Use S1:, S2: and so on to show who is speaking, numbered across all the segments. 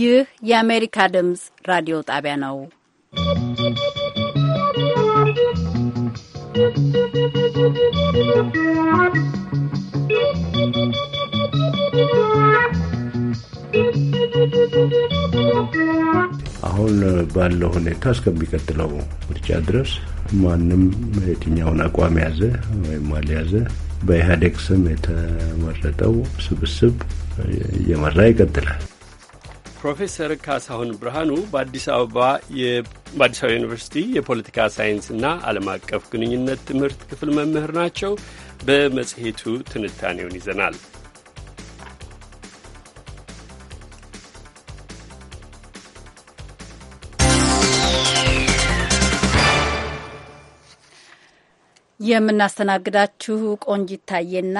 S1: ይህ የአሜሪካ ድምፅ ራዲዮ ጣቢያ ነው።
S2: አሁን ባለው ሁኔታ እስከሚቀጥለው ምርጫ ድረስ ማንም የትኛውን አቋም ያዘ ወይም አልያዘ በኢህአዴግ ስም የተመረጠው ስብስብ እየመራ ይቀጥላል።
S3: ፕሮፌሰር ካሳሁን ብርሃኑ በአዲስ አበባ በአዲስ አበባ ዩኒቨርሲቲ የፖለቲካ ሳይንስና ዓለም አቀፍ ግንኙነት ትምህርት ክፍል መምህር ናቸው። በመጽሔቱ ትንታኔውን ይዘናል።
S1: የምናስተናግዳችሁ ቆንጂት ታዬና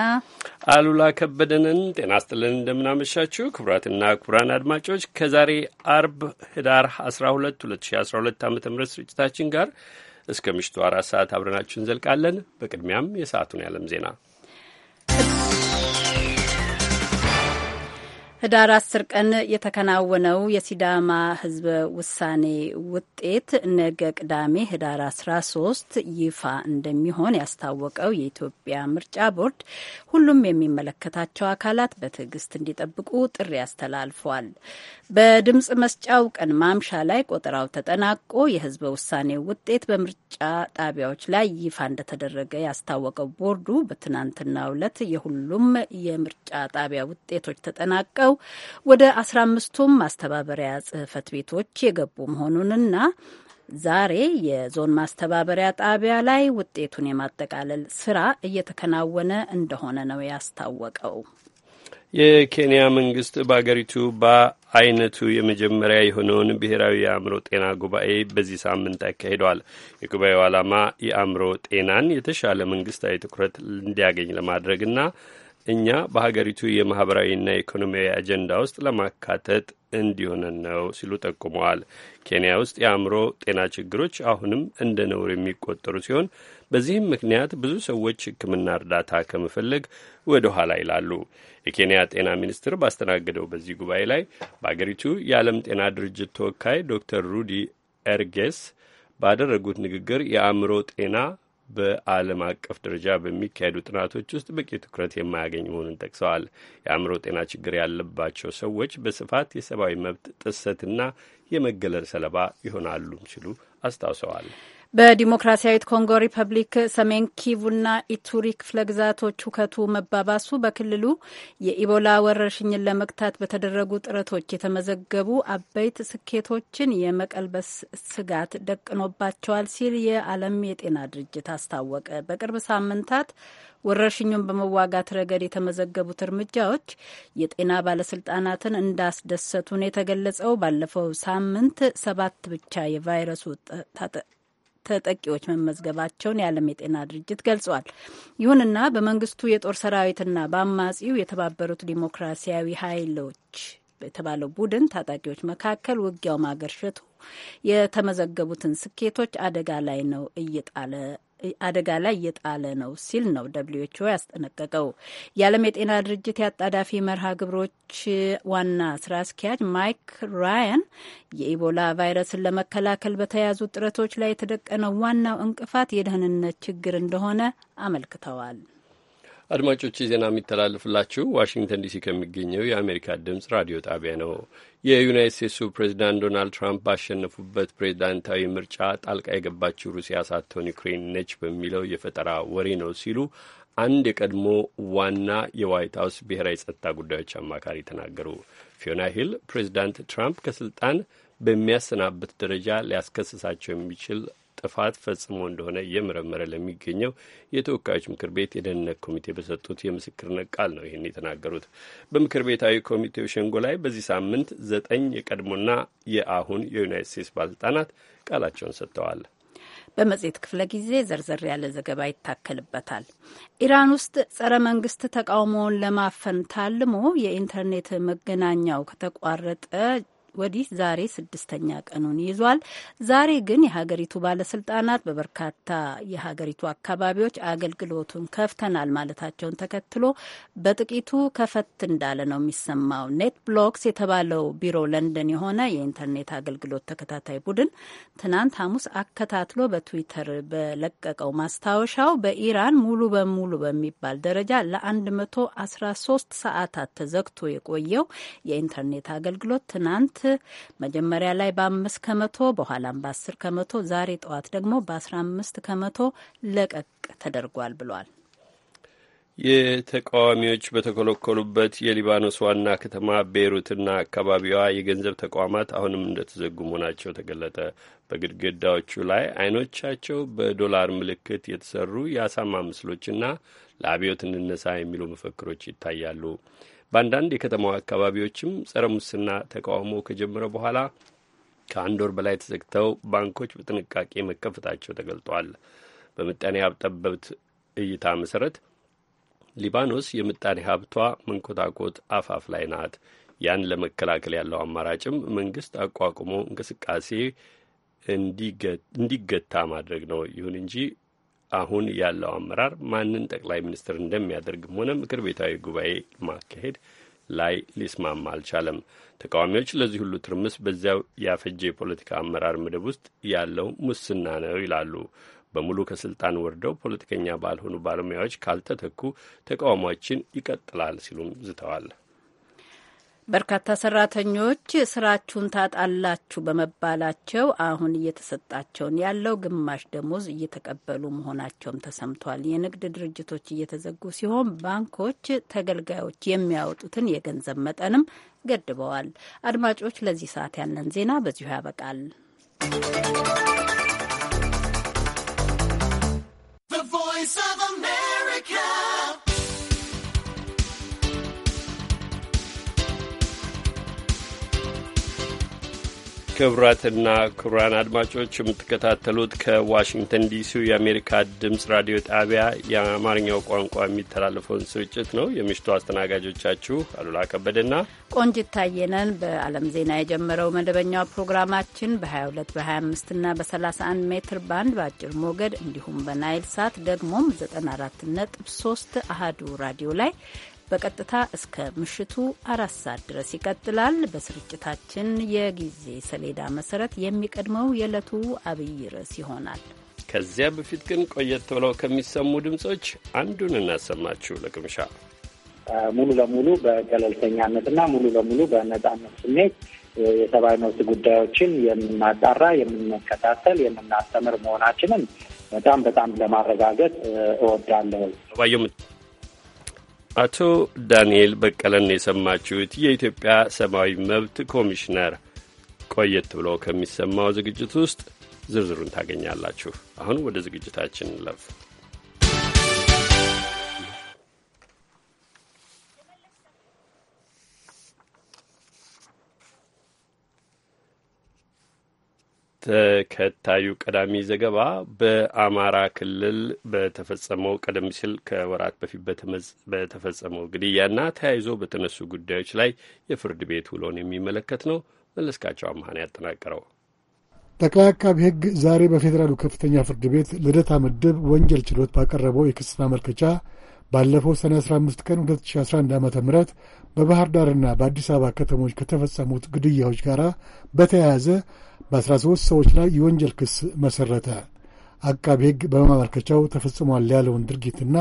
S3: አሉላ ከበደንን። ጤና ስጥልን፣ እንደምናመሻችሁ ክቡራትና ክቡራን አድማጮች ከዛሬ አርብ ህዳር 12 2012 ዓ ም ስርጭታችን ጋር እስከ ምሽቱ አራት ሰዓት አብረናችሁ እንዘልቃለን። በቅድሚያም የሰዓቱን ያለም ዜና
S1: ህዳር አስር ቀን የተከናወነው የሲዳማ ህዝብ ውሳኔ ውጤት ነገ ቅዳሜ ህዳር 13 ይፋ እንደሚሆን ያስታወቀው የኢትዮጵያ ምርጫ ቦርድ ሁሉም የሚመለከታቸው አካላት በትዕግስት እንዲጠብቁ ጥሪ አስተላልፏል። በድምፅ መስጫው ቀን ማምሻ ላይ ቆጠራው ተጠናቆ የህዝበ ውሳኔው ውጤት በምርጫ ጣቢያዎች ላይ ይፋ እንደተደረገ ያስታወቀው ቦርዱ በትናንትናው ዕለት የሁሉም የምርጫ ጣቢያ ውጤቶች ተጠናቀው ተመልሰው ወደ አስራ አምስቱም ማስተባበሪያ ጽህፈት ቤቶች የገቡ መሆኑንና ዛሬ የዞን ማስተባበሪያ ጣቢያ ላይ ውጤቱን የማጠቃለል ስራ እየተከናወነ እንደሆነ ነው ያስታወቀው።
S3: የኬንያ መንግስት በአገሪቱ በአይነቱ የመጀመሪያ የሆነውን ብሔራዊ የአእምሮ ጤና ጉባኤ በዚህ ሳምንት አካሂደዋል። የጉባኤው ዓላማ የአእምሮ ጤናን የተሻለ መንግስታዊ ትኩረት እንዲያገኝ ለማድረግና እኛ በሀገሪቱ የማህበራዊና ኢኮኖሚያዊ አጀንዳ ውስጥ ለማካተት እንዲሆነን ነው ሲሉ ጠቁመዋል። ኬንያ ውስጥ የአእምሮ ጤና ችግሮች አሁንም እንደ ነውር የሚቆጠሩ ሲሆን በዚህም ምክንያት ብዙ ሰዎች ሕክምና እርዳታ ከመፈለግ ወደ ኋላ ይላሉ። የኬንያ ጤና ሚኒስትር ባስተናገደው በዚህ ጉባኤ ላይ በአገሪቱ የዓለም ጤና ድርጅት ተወካይ ዶክተር ሩዲ ኤርጌስ ባደረጉት ንግግር የአእምሮ ጤና በዓለም አቀፍ ደረጃ በሚካሄዱ ጥናቶች ውስጥ በቂ ትኩረት የማያገኝ መሆኑን ጠቅሰዋል። የአእምሮ ጤና ችግር ያለባቸው ሰዎች በስፋት የሰብአዊ መብት ጥሰትና የመገለል ሰለባ ይሆናሉም ሲሉ አስታውሰዋል።
S1: በዲሞክራሲያዊት ኮንጎ ሪፐብሊክ ሰሜን ኪቡና ኢቱሪ ክፍለ ግዛቶች ሁከቱ መባባሱ በክልሉ የኢቦላ ወረርሽኝን ለመግታት በተደረጉ ጥረቶች የተመዘገቡ አበይት ስኬቶችን የመቀልበስ ስጋት ደቅኖባቸዋል ሲል የዓለም የጤና ድርጅት አስታወቀ። በቅርብ ሳምንታት ወረርሽኙን በመዋጋት ረገድ የተመዘገቡት እርምጃዎች የጤና ባለስልጣናትን እንዳስደሰቱን የተገለጸው ባለፈው ሳምንት ሰባት ብቻ የቫይረሱ ተጠቂዎች መመዝገባቸውን የዓለም የጤና ድርጅት ገልጿል። ይሁንና በመንግስቱ የጦር ሰራዊትና በአማጺው የተባበሩት ዲሞክራሲያዊ ኃይሎች የተባለው ቡድን ታጣቂዎች መካከል ውጊያው ማገርሸቱ የተመዘገቡትን ስኬቶች አደጋ ላይ ነው እየጣለ አደጋ ላይ እየጣለ ነው ሲል ነው ደብሊው ኤች ኦ ያስጠነቀቀው። የዓለም የጤና ድርጅት የአጣዳፊ መርሃ ግብሮች ዋና ስራ አስኪያጅ ማይክ ራያን የኢቦላ ቫይረስን ለመከላከል በተያዙ ጥረቶች ላይ የተደቀነው ዋናው እንቅፋት የደህንነት ችግር እንደሆነ አመልክተዋል።
S3: አድማጮች ዜና የሚተላለፍላችሁ ዋሽንግተን ዲሲ ከሚገኘው የአሜሪካ ድምፅ ራዲዮ ጣቢያ ነው። የዩናይት ስቴትሱ ፕሬዚዳንት ዶናልድ ትራምፕ ባሸነፉበት ፕሬዚዳንታዊ ምርጫ ጣልቃ የገባችው ሩሲያ ሳትሆን ዩክሬን ነች በሚለው የፈጠራ ወሬ ነው ሲሉ አንድ የቀድሞ ዋና የዋይት ሀውስ ብሔራዊ ጸጥታ ጉዳዮች አማካሪ ተናገሩ። ፊዮና ሂል ፕሬዚዳንት ትራምፕ ከስልጣን በሚያሰናብት ደረጃ ሊያስከስሳቸው የሚችል ጥፋት ፈጽሞ እንደሆነ እየመረመረ ለሚገኘው የተወካዮች ምክር ቤት የደህንነት ኮሚቴ በሰጡት የምስክርነት ቃል ነው ይህን የተናገሩት። በምክር ቤታዊ ኮሚቴው ሸንጎ ላይ በዚህ ሳምንት ዘጠኝ የቀድሞና የአሁን የዩናይት ስቴትስ ባለስልጣናት ቃላቸውን ሰጥተዋል።
S1: በመጽሔት ክፍለ ጊዜ ዘርዘር ያለ ዘገባ ይታከልበታል። ኢራን ውስጥ ጸረ መንግስት ተቃውሞውን ለማፈን ታልሞ የኢንተርኔት መገናኛው ከተቋረጠ ወዲህ ዛሬ ስድስተኛ ቀኑን ይዟል። ዛሬ ግን የሀገሪቱ ባለስልጣናት በበርካታ የሀገሪቱ አካባቢዎች አገልግሎቱን ከፍተናል ማለታቸውን ተከትሎ በጥቂቱ ከፈት እንዳለ ነው የሚሰማው። ኔት ብሎክስ የተባለው ቢሮ ለንደን የሆነ የኢንተርኔት አገልግሎት ተከታታይ ቡድን ትናንት ሐሙስ አከታትሎ በትዊተር በለቀቀው ማስታወሻው በኢራን ሙሉ በሙሉ በሚባል ደረጃ ለ113 ሰዓታት ተዘግቶ የቆየው የኢንተርኔት አገልግሎት ትናንት መጀመሪያ ላይ በአምስት ከመቶ በኋላም በአስር ከመቶ ዛሬ ጠዋት ደግሞ በአስራ አምስት ከመቶ ለቀቅ ተደርጓል ብሏል።
S3: የተቃዋሚዎች በተኮለኮሉበት የሊባኖስ ዋና ከተማ ቤይሩትና አካባቢዋ የገንዘብ ተቋማት አሁንም እንደተዘጉ መሆናቸው ተገለጠ። በግድግዳዎቹ ላይ አይኖቻቸው በዶላር ምልክት የተሰሩ የአሳማ ምስሎችና ለአብዮት እንነሳ የሚሉ መፈክሮች ይታያሉ። በአንዳንድ የከተማው አካባቢዎችም ጸረ ሙስና ተቃውሞ ከጀመረ በኋላ ከአንድ ወር በላይ ተዘግተው ባንኮች በጥንቃቄ መከፈታቸው ተገልጧል። በምጣኔ ሀብት ጠበብት እይታ መሰረት ሊባኖስ የምጣኔ ሀብቷ መንኮታኮት አፋፍ ላይ ናት። ያን ለመከላከል ያለው አማራጭም መንግስት አቋቁሞ እንቅስቃሴ እንዲገታ ማድረግ ነው። ይሁን እንጂ አሁን ያለው አመራር ማንን ጠቅላይ ሚኒስትር እንደሚያደርግም ሆነ ምክር ቤታዊ ጉባኤ ማካሄድ ላይ ሊስማማ አልቻለም። ተቃዋሚዎች ለዚህ ሁሉ ትርምስ በዚያው ያፈጀ የፖለቲካ አመራር ምድብ ውስጥ ያለው ሙስና ነው ይላሉ። በሙሉ ከስልጣን ወርደው ፖለቲከኛ ባልሆኑ ባለሙያዎች ካልተተኩ ተቃውሟችን ይቀጥላል ሲሉም ዝተዋል።
S1: በርካታ ሰራተኞች ስራችሁን ታጣላችሁ በመባላቸው አሁን እየተሰጣቸውን ያለው ግማሽ ደሞዝ እየተቀበሉ መሆናቸውም ተሰምቷል። የንግድ ድርጅቶች እየተዘጉ ሲሆን ባንኮች ተገልጋዮች የሚያወጡትን የገንዘብ መጠንም ገድበዋል። አድማጮች፣ ለዚህ ሰዓት ያለን ዜና በዚሁ ያበቃል።
S3: ክቡራትና ክቡራን አድማጮች የምትከታተሉት ከዋሽንግተን ዲሲ የአሜሪካ ድምፅ ራዲዮ ጣቢያ የአማርኛው ቋንቋ የሚተላለፈውን ስርጭት ነው። የምሽቱ አስተናጋጆቻችሁ አሉላ ከበደና
S1: ቆንጅት ታየነን። በዓለም ዜና የጀመረው መደበኛው ፕሮግራማችን በ22 በ25 ና በ31 ሜትር ባንድ በአጭር ሞገድ እንዲሁም በናይል ሳት ደግሞም 94.3 አህዱ ራዲዮ ላይ በቀጥታ እስከ ምሽቱ አራት ሰዓት ድረስ ይቀጥላል። በስርጭታችን የጊዜ ሰሌዳ መሰረት የሚቀድመው የዕለቱ አብይ ርዕስ ይሆናል።
S3: ከዚያ በፊት ግን ቆየት ብለው ከሚሰሙ ድምጾች አንዱን እናሰማችሁ ለቅምሻ
S4: ሙሉ ለሙሉ በገለልተኛነትና ሙሉ ለሙሉ በነጻነት ስሜት የሰብአዊ መብት ጉዳዮችን የምናጣራ፣ የምንከታተል፣ የምናስተምር መሆናችንን በጣም በጣም ለማረጋገጥ እወዳለሁ።
S3: አቶ ዳንኤል በቀለን የሰማችሁት የኢትዮጵያ ሰብአዊ መብት ኮሚሽነር። ቆየት ብሎ ከሚሰማው ዝግጅት ውስጥ ዝርዝሩን ታገኛላችሁ። አሁን ወደ ዝግጅታችን እንለፍ። ተከታዩ ቀዳሚ ዘገባ በአማራ ክልል በተፈጸመው ቀደም ሲል ከወራት በፊት በተፈጸመው ግድያና ተያይዞ በተነሱ ጉዳዮች ላይ የፍርድ ቤት ውሎን የሚመለከት ነው። መለስካቸው አመሀን ያጠናቀረው።
S5: ጠቅላይ አቃቢ ሕግ ዛሬ በፌዴራሉ ከፍተኛ ፍርድ ቤት ልደታ ምድብ ወንጀል ችሎት ባቀረበው የክስ ማመልከቻ ባለፈው ሰኔ 15 ቀን 2011 ዓ ም በባህር ዳርና በአዲስ አበባ ከተሞች ከተፈጸሙት ግድያዎች ጋር በተያያዘ በ13 ሰዎች ላይ የወንጀል ክስ መሠረተ። አቃቤ ሕግ በማመልከቻው ተፈጽሟል ያለውን ድርጊትና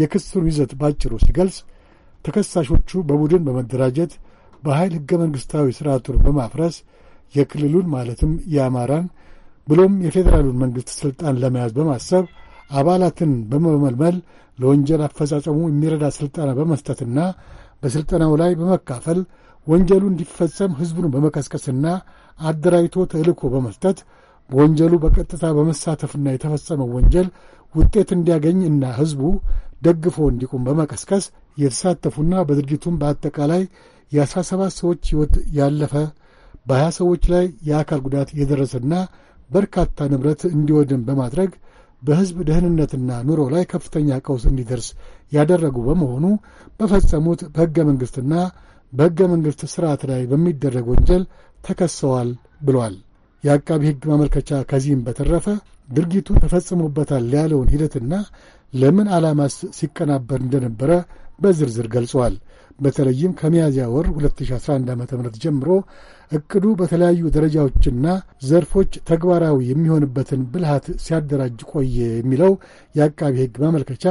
S5: የክሱን ይዘት ባጭሩ ሲገልጽ ተከሳሾቹ በቡድን በመደራጀት በኃይል ሕገ መንግሥታዊ ሥርዓቱን በማፍረስ የክልሉን ማለትም የአማራን ብሎም የፌዴራሉን መንግሥት ሥልጣን ለመያዝ በማሰብ አባላትን በመመልመል ለወንጀል አፈጻጸሙ የሚረዳ ሥልጠና በመስጠትና በሥልጠናው ላይ በመካፈል ወንጀሉ እንዲፈጸም ሕዝቡን በመቀስቀስና አደራጅቶ ተልእኮ በመስጠት በወንጀሉ በቀጥታ በመሳተፍና የተፈጸመው ወንጀል ውጤት እንዲያገኝ እና ሕዝቡ ደግፎ እንዲቁም በመቀስቀስ የተሳተፉና በድርጊቱም በአጠቃላይ የአስራ ሰባት ሰዎች ሕይወት ያለፈ በሀያ ሰዎች ላይ የአካል ጉዳት የደረሰና በርካታ ንብረት እንዲወድም በማድረግ በሕዝብ ደህንነትና ኑሮ ላይ ከፍተኛ ቀውስ እንዲደርስ ያደረጉ በመሆኑ በፈጸሙት በሕገ መንግሥትና በሕገ መንግሥት ሥርዓት ላይ በሚደረግ ወንጀል ተከሰዋል ብሏል። የአቃቢ ሕግ ማመልከቻ ከዚህም በተረፈ ድርጊቱ ተፈጽሞበታል ያለውን ሂደትና ለምን ዓላማስ ሲቀናበር እንደነበረ በዝርዝር ገልጿል። በተለይም ከሚያዝያ ወር 2011 ዓ ም ጀምሮ እቅዱ በተለያዩ ደረጃዎችና ዘርፎች ተግባራዊ የሚሆንበትን ብልሃት ሲያደራጅ ቆየ የሚለው የአቃቢ ሕግ ማመልከቻ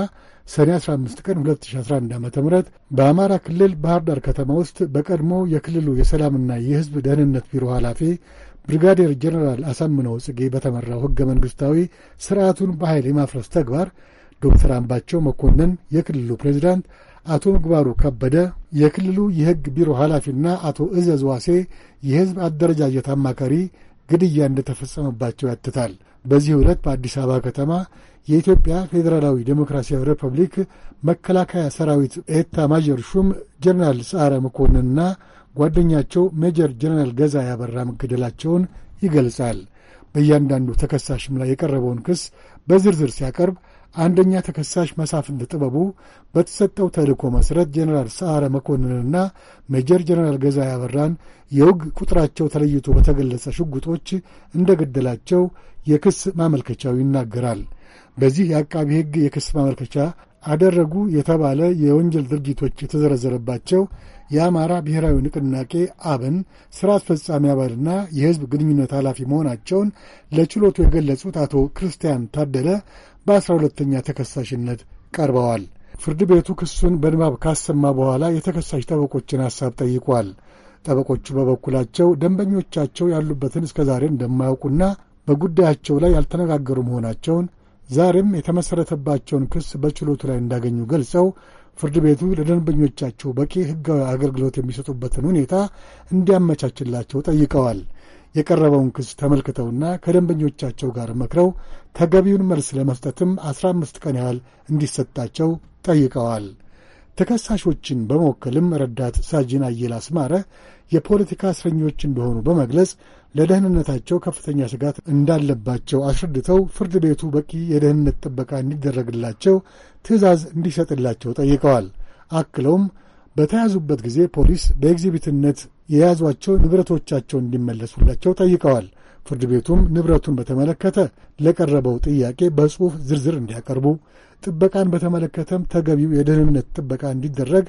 S5: ሰኔ 15 ቀን 2011 ዓ ም በአማራ ክልል ባህር ዳር ከተማ ውስጥ በቀድሞ የክልሉ የሰላምና የሕዝብ ደህንነት ቢሮ ኃላፊ ብሪጋዴር ጀኔራል አሳምነው ጽጌ በተመራው ሕገ መንግሥታዊ ሥርዓቱን በኃይል የማፍረስ ተግባር ዶክተር አምባቸው መኮንን የክልሉ ፕሬዚዳንት፣ አቶ ምግባሩ ከበደ የክልሉ የሕግ ቢሮ ኃላፊና አቶ እዘዝ ዋሴ የሕዝብ አደረጃጀት አማካሪ ግድያ እንደተፈጸመባቸው ያትታል። በዚህ ዕለት በአዲስ አበባ ከተማ የኢትዮጵያ ፌዴራላዊ ዴሞክራሲያዊ ሪፐብሊክ መከላከያ ሰራዊት ኤታ ማጀር ሹም ጀነራል ሰዓረ መኮንንና ጓደኛቸው ሜጀር ጀነራል ገዛ ያበራ መገደላቸውን ይገልጻል። በእያንዳንዱ ተከሳሽም ላይ የቀረበውን ክስ በዝርዝር ሲያቀርብ አንደኛ ተከሳሽ መሳፍንት ጥበቡ በተሰጠው ተልእኮ መሠረት ጀነራል ሰዓረ መኮንንና ሜጀር ጀነራል ገዛ ያበራን የውግ ቁጥራቸው ተለይቶ በተገለጸ ሽጉጦች እንደ ገደላቸው የክስ ማመልከቻው ይናገራል። በዚህ የአቃቢ ሕግ የክስ ማመልከቻ አደረጉ የተባለ የወንጀል ድርጊቶች የተዘረዘረባቸው የአማራ ብሔራዊ ንቅናቄ አብን ሥራ አስፈጻሚ አባልና የሕዝብ ግንኙነት ኃላፊ መሆናቸውን ለችሎቱ የገለጹት አቶ ክርስቲያን ታደለ በአስራ ሁለተኛ ተከሳሽነት ቀርበዋል። ፍርድ ቤቱ ክሱን በንባብ ካሰማ በኋላ የተከሳሽ ጠበቆችን ሐሳብ ጠይቋል። ጠበቆቹ በበኩላቸው ደንበኞቻቸው ያሉበትን እስከ ዛሬ እንደማያውቁና በጉዳያቸው ላይ ያልተነጋገሩ መሆናቸውን ዛሬም የተመሠረተባቸውን ክስ በችሎቱ ላይ እንዳገኙ ገልጸው ፍርድ ቤቱ ለደንበኞቻቸው በቂ ሕጋዊ አገልግሎት የሚሰጡበትን ሁኔታ እንዲያመቻችላቸው ጠይቀዋል። የቀረበውን ክስ ተመልክተውና ከደንበኞቻቸው ጋር መክረው ተገቢውን መልስ ለመስጠትም አስራ አምስት ቀን ያህል እንዲሰጣቸው ጠይቀዋል። ተከሳሾችን በመወከልም ረዳት ሳጅን አየል አስማረ የፖለቲካ እስረኞች እንደሆኑ በመግለጽ ለደህንነታቸው ከፍተኛ ስጋት እንዳለባቸው አስረድተው ፍርድ ቤቱ በቂ የደህንነት ጥበቃ እንዲደረግላቸው ትዕዛዝ እንዲሰጥላቸው ጠይቀዋል። አክለውም በተያዙበት ጊዜ ፖሊስ በኤግዚቢትነት የያዟቸው ንብረቶቻቸው እንዲመለሱላቸው ጠይቀዋል። ፍርድ ቤቱም ንብረቱን በተመለከተ ለቀረበው ጥያቄ በጽሑፍ ዝርዝር እንዲያቀርቡ፣ ጥበቃን በተመለከተም ተገቢው የደህንነት ጥበቃ እንዲደረግ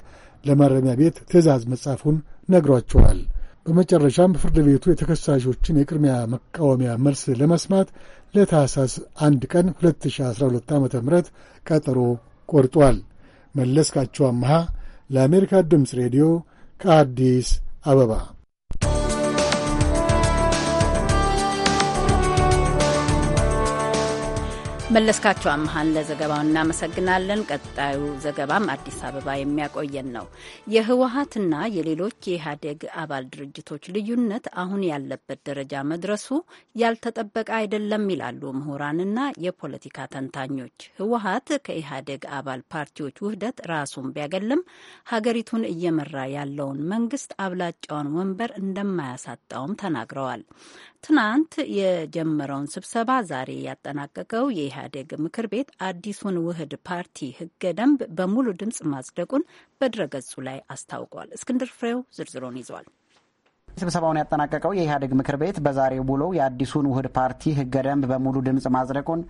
S5: ለማረሚያ ቤት ትዕዛዝ መጻፉን ነግሯቸዋል። በመጨረሻም ፍርድ ቤቱ የተከሳሾችን የቅድሚያ መቃወሚያ መልስ ለመስማት ለታህሳስ አንድ ቀን 2012 ዓ ም ቀጠሮ ቆርጧል። መለስካቸው አመሃ ለአሜሪካ ድምፅ ሬዲዮ ከአዲስ አበባ
S1: መለስካቸው አመሀን ለዘገባው እናመሰግናለን። ቀጣዩ ዘገባም አዲስ አበባ የሚያቆየን ነው። የህወሀትና የሌሎች የኢህአዴግ አባል ድርጅቶች ልዩነት አሁን ያለበት ደረጃ መድረሱ ያልተጠበቀ አይደለም ይላሉ ምሁራንና የፖለቲካ ተንታኞች። ህወሀት ከኢህአዴግ አባል ፓርቲዎች ውህደት ራሱን ቢያገልም ሀገሪቱን እየመራ ያለውን መንግስት አብላጫውን ወንበር እንደማያሳጣውም ተናግረዋል። ትናንት የጀመረውን ስብሰባ ዛሬ ያጠናቀቀው የኢህአዴግ ምክር ቤት አዲሱን ውህድ ፓርቲ ህገ ደንብ በሙሉ ድምፅ ማጽደቁን በድረገጹ ላይ አስታውቋል። እስክንድር ፍሬው ዝርዝሩን ይዟል።
S6: ስብሰባውን ያጠናቀቀው የኢህአዴግ ምክር ቤት በዛሬው ውሎው የአዲሱን ውህድ ፓርቲ ህገ ደንብ በሙሉ ድምፅ ማጽደቁን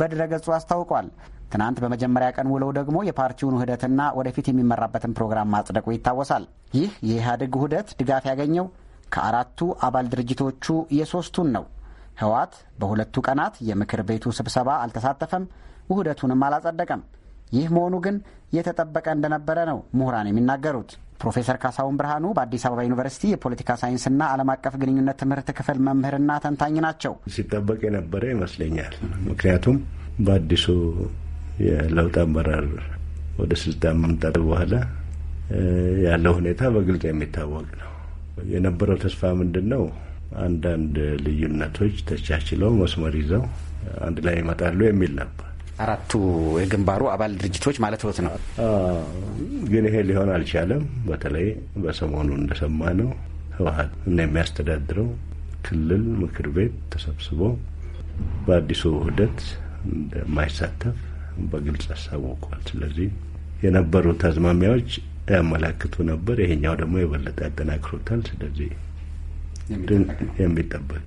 S6: በድረገጹ አስታውቋል። ትናንት በመጀመሪያ ቀን ውለው ደግሞ የፓርቲውን ውህደትና ወደፊት የሚመራበትን ፕሮግራም ማጽደቁ ይታወሳል። ይህ የኢህአዴግ ውህደት ድጋፍ ያገኘው ከአራቱ አባል ድርጅቶቹ የሶስቱን ነው። ህወሓት በሁለቱ ቀናት የምክር ቤቱ ስብሰባ አልተሳተፈም፣ ውህደቱንም አላጸደቀም። ይህ መሆኑ ግን የተጠበቀ እንደነበረ ነው ምሁራን የሚናገሩት። ፕሮፌሰር ካሳሁን ብርሃኑ በአዲስ አበባ ዩኒቨርሲቲ የፖለቲካ ሳይንስና ዓለም አቀፍ ግንኙነት ትምህርት ክፍል መምህርና ተንታኝ ናቸው።
S2: ሲጠበቅ የነበረ ይመስለኛል። ምክንያቱም በአዲሱ የለውጥ አመራር ወደ ስልጣን መምጣት በኋላ ያለው ሁኔታ በግልጽ የሚታወቅ ነው። የነበረው ተስፋ ምንድን ነው? አንዳንድ ልዩነቶች ተቻችለው መስመር ይዘው አንድ ላይ ይመጣሉ የሚል ነበር። አራቱ
S6: የግንባሩ አባል ድርጅቶች ማለት ሆት ነው።
S2: ግን ይሄ ሊሆን አልቻለም። በተለይ በሰሞኑ እንደሰማ ነው ህወሀት እና የሚያስተዳድረው ክልል ምክር ቤት ተሰብስቦ በአዲሱ ውህደት እንደማይሳተፍ በግልጽ አሳውቋል። ስለዚህ የነበሩት አዝማሚያዎች ያመላክቱ ነበር። ይሄኛው ደግሞ የበለጠ ያጠናክሮታል። ስለዚህ የሚጠበቅ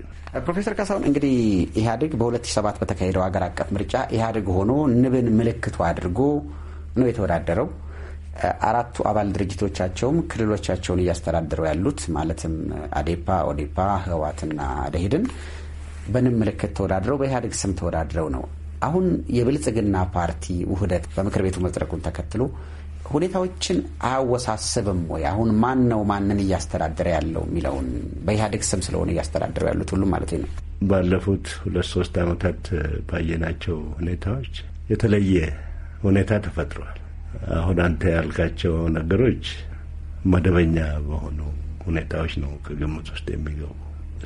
S6: ፕሮፌሰር ካሳሁን እንግዲህ ኢህአዴግ በ2007 በተካሄደው ሀገር አቀፍ ምርጫ ኢህአዴግ ሆኖ ንብን ምልክቱ አድርጎ ነው የተወዳደረው። አራቱ አባል ድርጅቶቻቸውም ክልሎቻቸውን እያስተዳደሩ ያሉት ማለትም አዴፓ፣ ኦዴፓ፣ ህወሓትና ደሄድን በንብ ምልክት ተወዳድረው በኢህአዴግ ስም ተወዳድረው ነው። አሁን የብልጽግና ፓርቲ ውህደት በምክር ቤቱ መጽደቁን ተከትሎ ሁኔታዎችን አያወሳስብም ወይ? አሁን ማን ነው ማንን እያስተዳደረ ያለው የሚለውን በኢህአዴግ ስም ስለሆነ እያስተዳደሩ ያሉት ሁሉም ማለት ነው።
S2: ባለፉት ሁለት ሶስት አመታት ባየናቸው ሁኔታዎች የተለየ ሁኔታ ተፈጥሯል። አሁን አንተ ያልካቸው ነገሮች መደበኛ በሆኑ ሁኔታዎች ነው ከግምት ውስጥ የሚገቡ።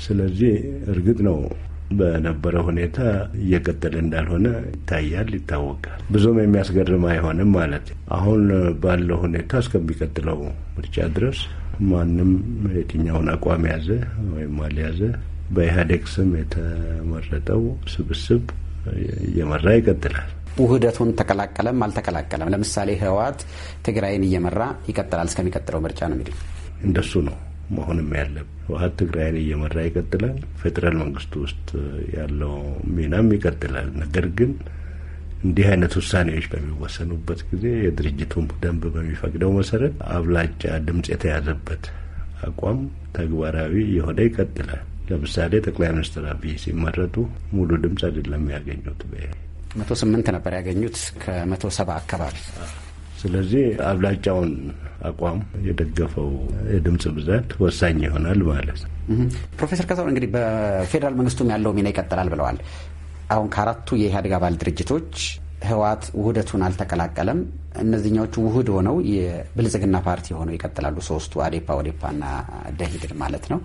S2: ስለዚህ እርግጥ ነው በነበረ ሁኔታ እየቀጠለ እንዳልሆነ ይታያል፣ ይታወቃል። ብዙም የሚያስገርም አይሆንም ማለት አሁን ባለው ሁኔታ እስከሚቀጥለው ምርጫ ድረስ ማንም የትኛውን አቋም ያዘ ወይም አልያዘ በኢህአዴግ ስም
S6: የተመረጠው ስብስብ እየመራ ይቀጥላል። ውህደቱን ተቀላቀለም አልተቀላቀለም፣ ለምሳሌ ህወሓት ትግራይን እየመራ ይቀጥላል እስከሚቀጥለው ምርጫ ነው የሚል
S2: እንደሱ ነው። መሆንም ያለብ ህወሀት ትግራይን እየመራ ይቀጥላል። ፌዴራል መንግስቱ ውስጥ ያለው ሚናም ይቀጥላል። ነገር ግን እንዲህ አይነት ውሳኔዎች በሚወሰኑበት ጊዜ የድርጅቱም ደንብ በሚፈቅደው መሰረት አብላጫ ድምጽ የተያዘበት አቋም ተግባራዊ የሆነ ይቀጥላል። ለምሳሌ ጠቅላይ ሚኒስትር አብይ ሲመረጡ ሙሉ ድምፅ አይደለም ያገኙት። መቶ ስምንት ነበር ያገኙት ከመቶ ሰባ አካባቢ ስለዚህ አብላጫውን አቋም የደገፈው የድምፅ ብዛት ወሳኝ ይሆናል ማለት ነው።
S6: ፕሮፌሰር ካሳሁን እንግዲህ በፌዴራል መንግስቱም ያለው ሚና ይቀጥላል ብለዋል። አሁን ከአራቱ የኢህአዴግ አባል ድርጅቶች ህወሓት ውህደቱን አልተቀላቀለም። እነዚህኛዎቹ ውህድ ሆነው የብልጽግና ፓርቲ ሆነው ይቀጥላሉ። ሶስቱ አዴፓ፣ ኦዴፓ እና ደሂድን ማለት ነው።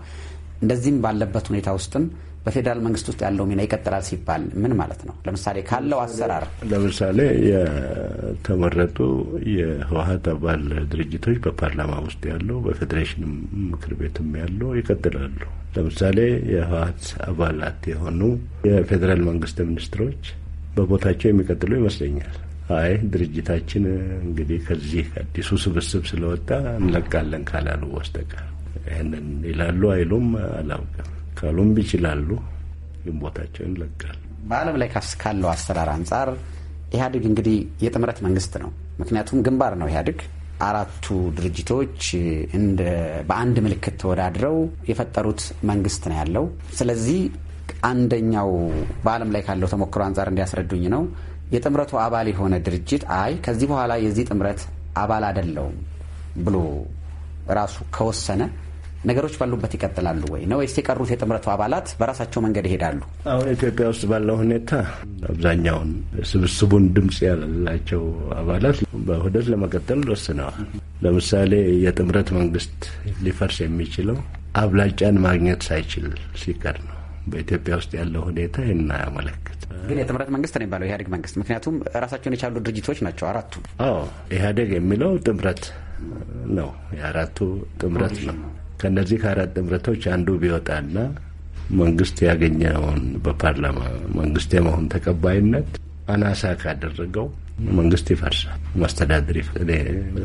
S6: እንደዚህም ባለበት ሁኔታ ውስጥም በፌዴራል መንግስት ውስጥ ያለው ሚና ይቀጥላል ሲባል ምን ማለት ነው? ለምሳሌ ካለው አሰራር
S2: ለምሳሌ የተመረጡ የህወሀት አባል ድርጅቶች በፓርላማ ውስጥ ያለው በፌዴሬሽን ምክር ቤትም ያለው ይቀጥላሉ። ለምሳሌ የህወሀት አባላት የሆኑ የፌዴራል መንግስት ሚኒስትሮች በቦታቸው የሚቀጥሉ ይመስለኛል። አይ ድርጅታችን እንግዲህ ከዚህ አዲሱ ስብስብ ስለወጣ እንለቃለን ካላሉ በስተቀር ይህንን ይላሉ አይሉም አላውቅም። ካልሆን ይችላሉ
S6: ልንቦታቸውን ይለቃል። በዓለም ላይ ካለው አሰራር አንጻር ኢህአዴግ እንግዲህ የጥምረት መንግስት ነው። ምክንያቱም ግንባር ነው ኢህአዴግ አራቱ ድርጅቶች እንደ በአንድ ምልክት ተወዳድረው የፈጠሩት መንግስት ነው ያለው። ስለዚህ አንደኛው በዓለም ላይ ካለው ተሞክሮ አንጻር እንዲያስረዱኝ ነው የጥምረቱ አባል የሆነ ድርጅት አይ ከዚህ በኋላ የዚህ ጥምረት አባል አይደለውም ብሎ ራሱ ከወሰነ ነገሮች ባሉበት ይቀጥላሉ ወይ ነው ወይስ የቀሩት የጥምረቱ አባላት በራሳቸው መንገድ ይሄዳሉ?
S2: አሁን ኢትዮጵያ ውስጥ ባለው ሁኔታ አብዛኛውን ስብስቡን ድምፅ ያላቸው አባላት በውህደት ለመቀጠል ወስነዋል። ለምሳሌ የጥምረት መንግስት ሊፈርስ የሚችለው አብላጫን ማግኘት ሳይችል ሲቀር ነው። በኢትዮጵያ ውስጥ ያለው ሁኔታ ይና ያመለክት
S6: ግን የጥምረት መንግስት ነው የሚባለው ኢህአዴግ መንግስት ምክንያቱም ራሳቸውን የቻሉ ድርጅቶች ናቸው አራቱ።
S2: አዎ ኢህአዴግ የሚለው ጥምረት ነው፣ የአራቱ ጥምረት ነው። ከእነዚህ ከአራት ንብረቶች አንዱ ቢወጣና መንግስት ያገኘውን በፓርላማ መንግስት የመሆን ተቀባይነት አናሳ ካደረገው መንግስት ይፈርሳል። ማስተዳደር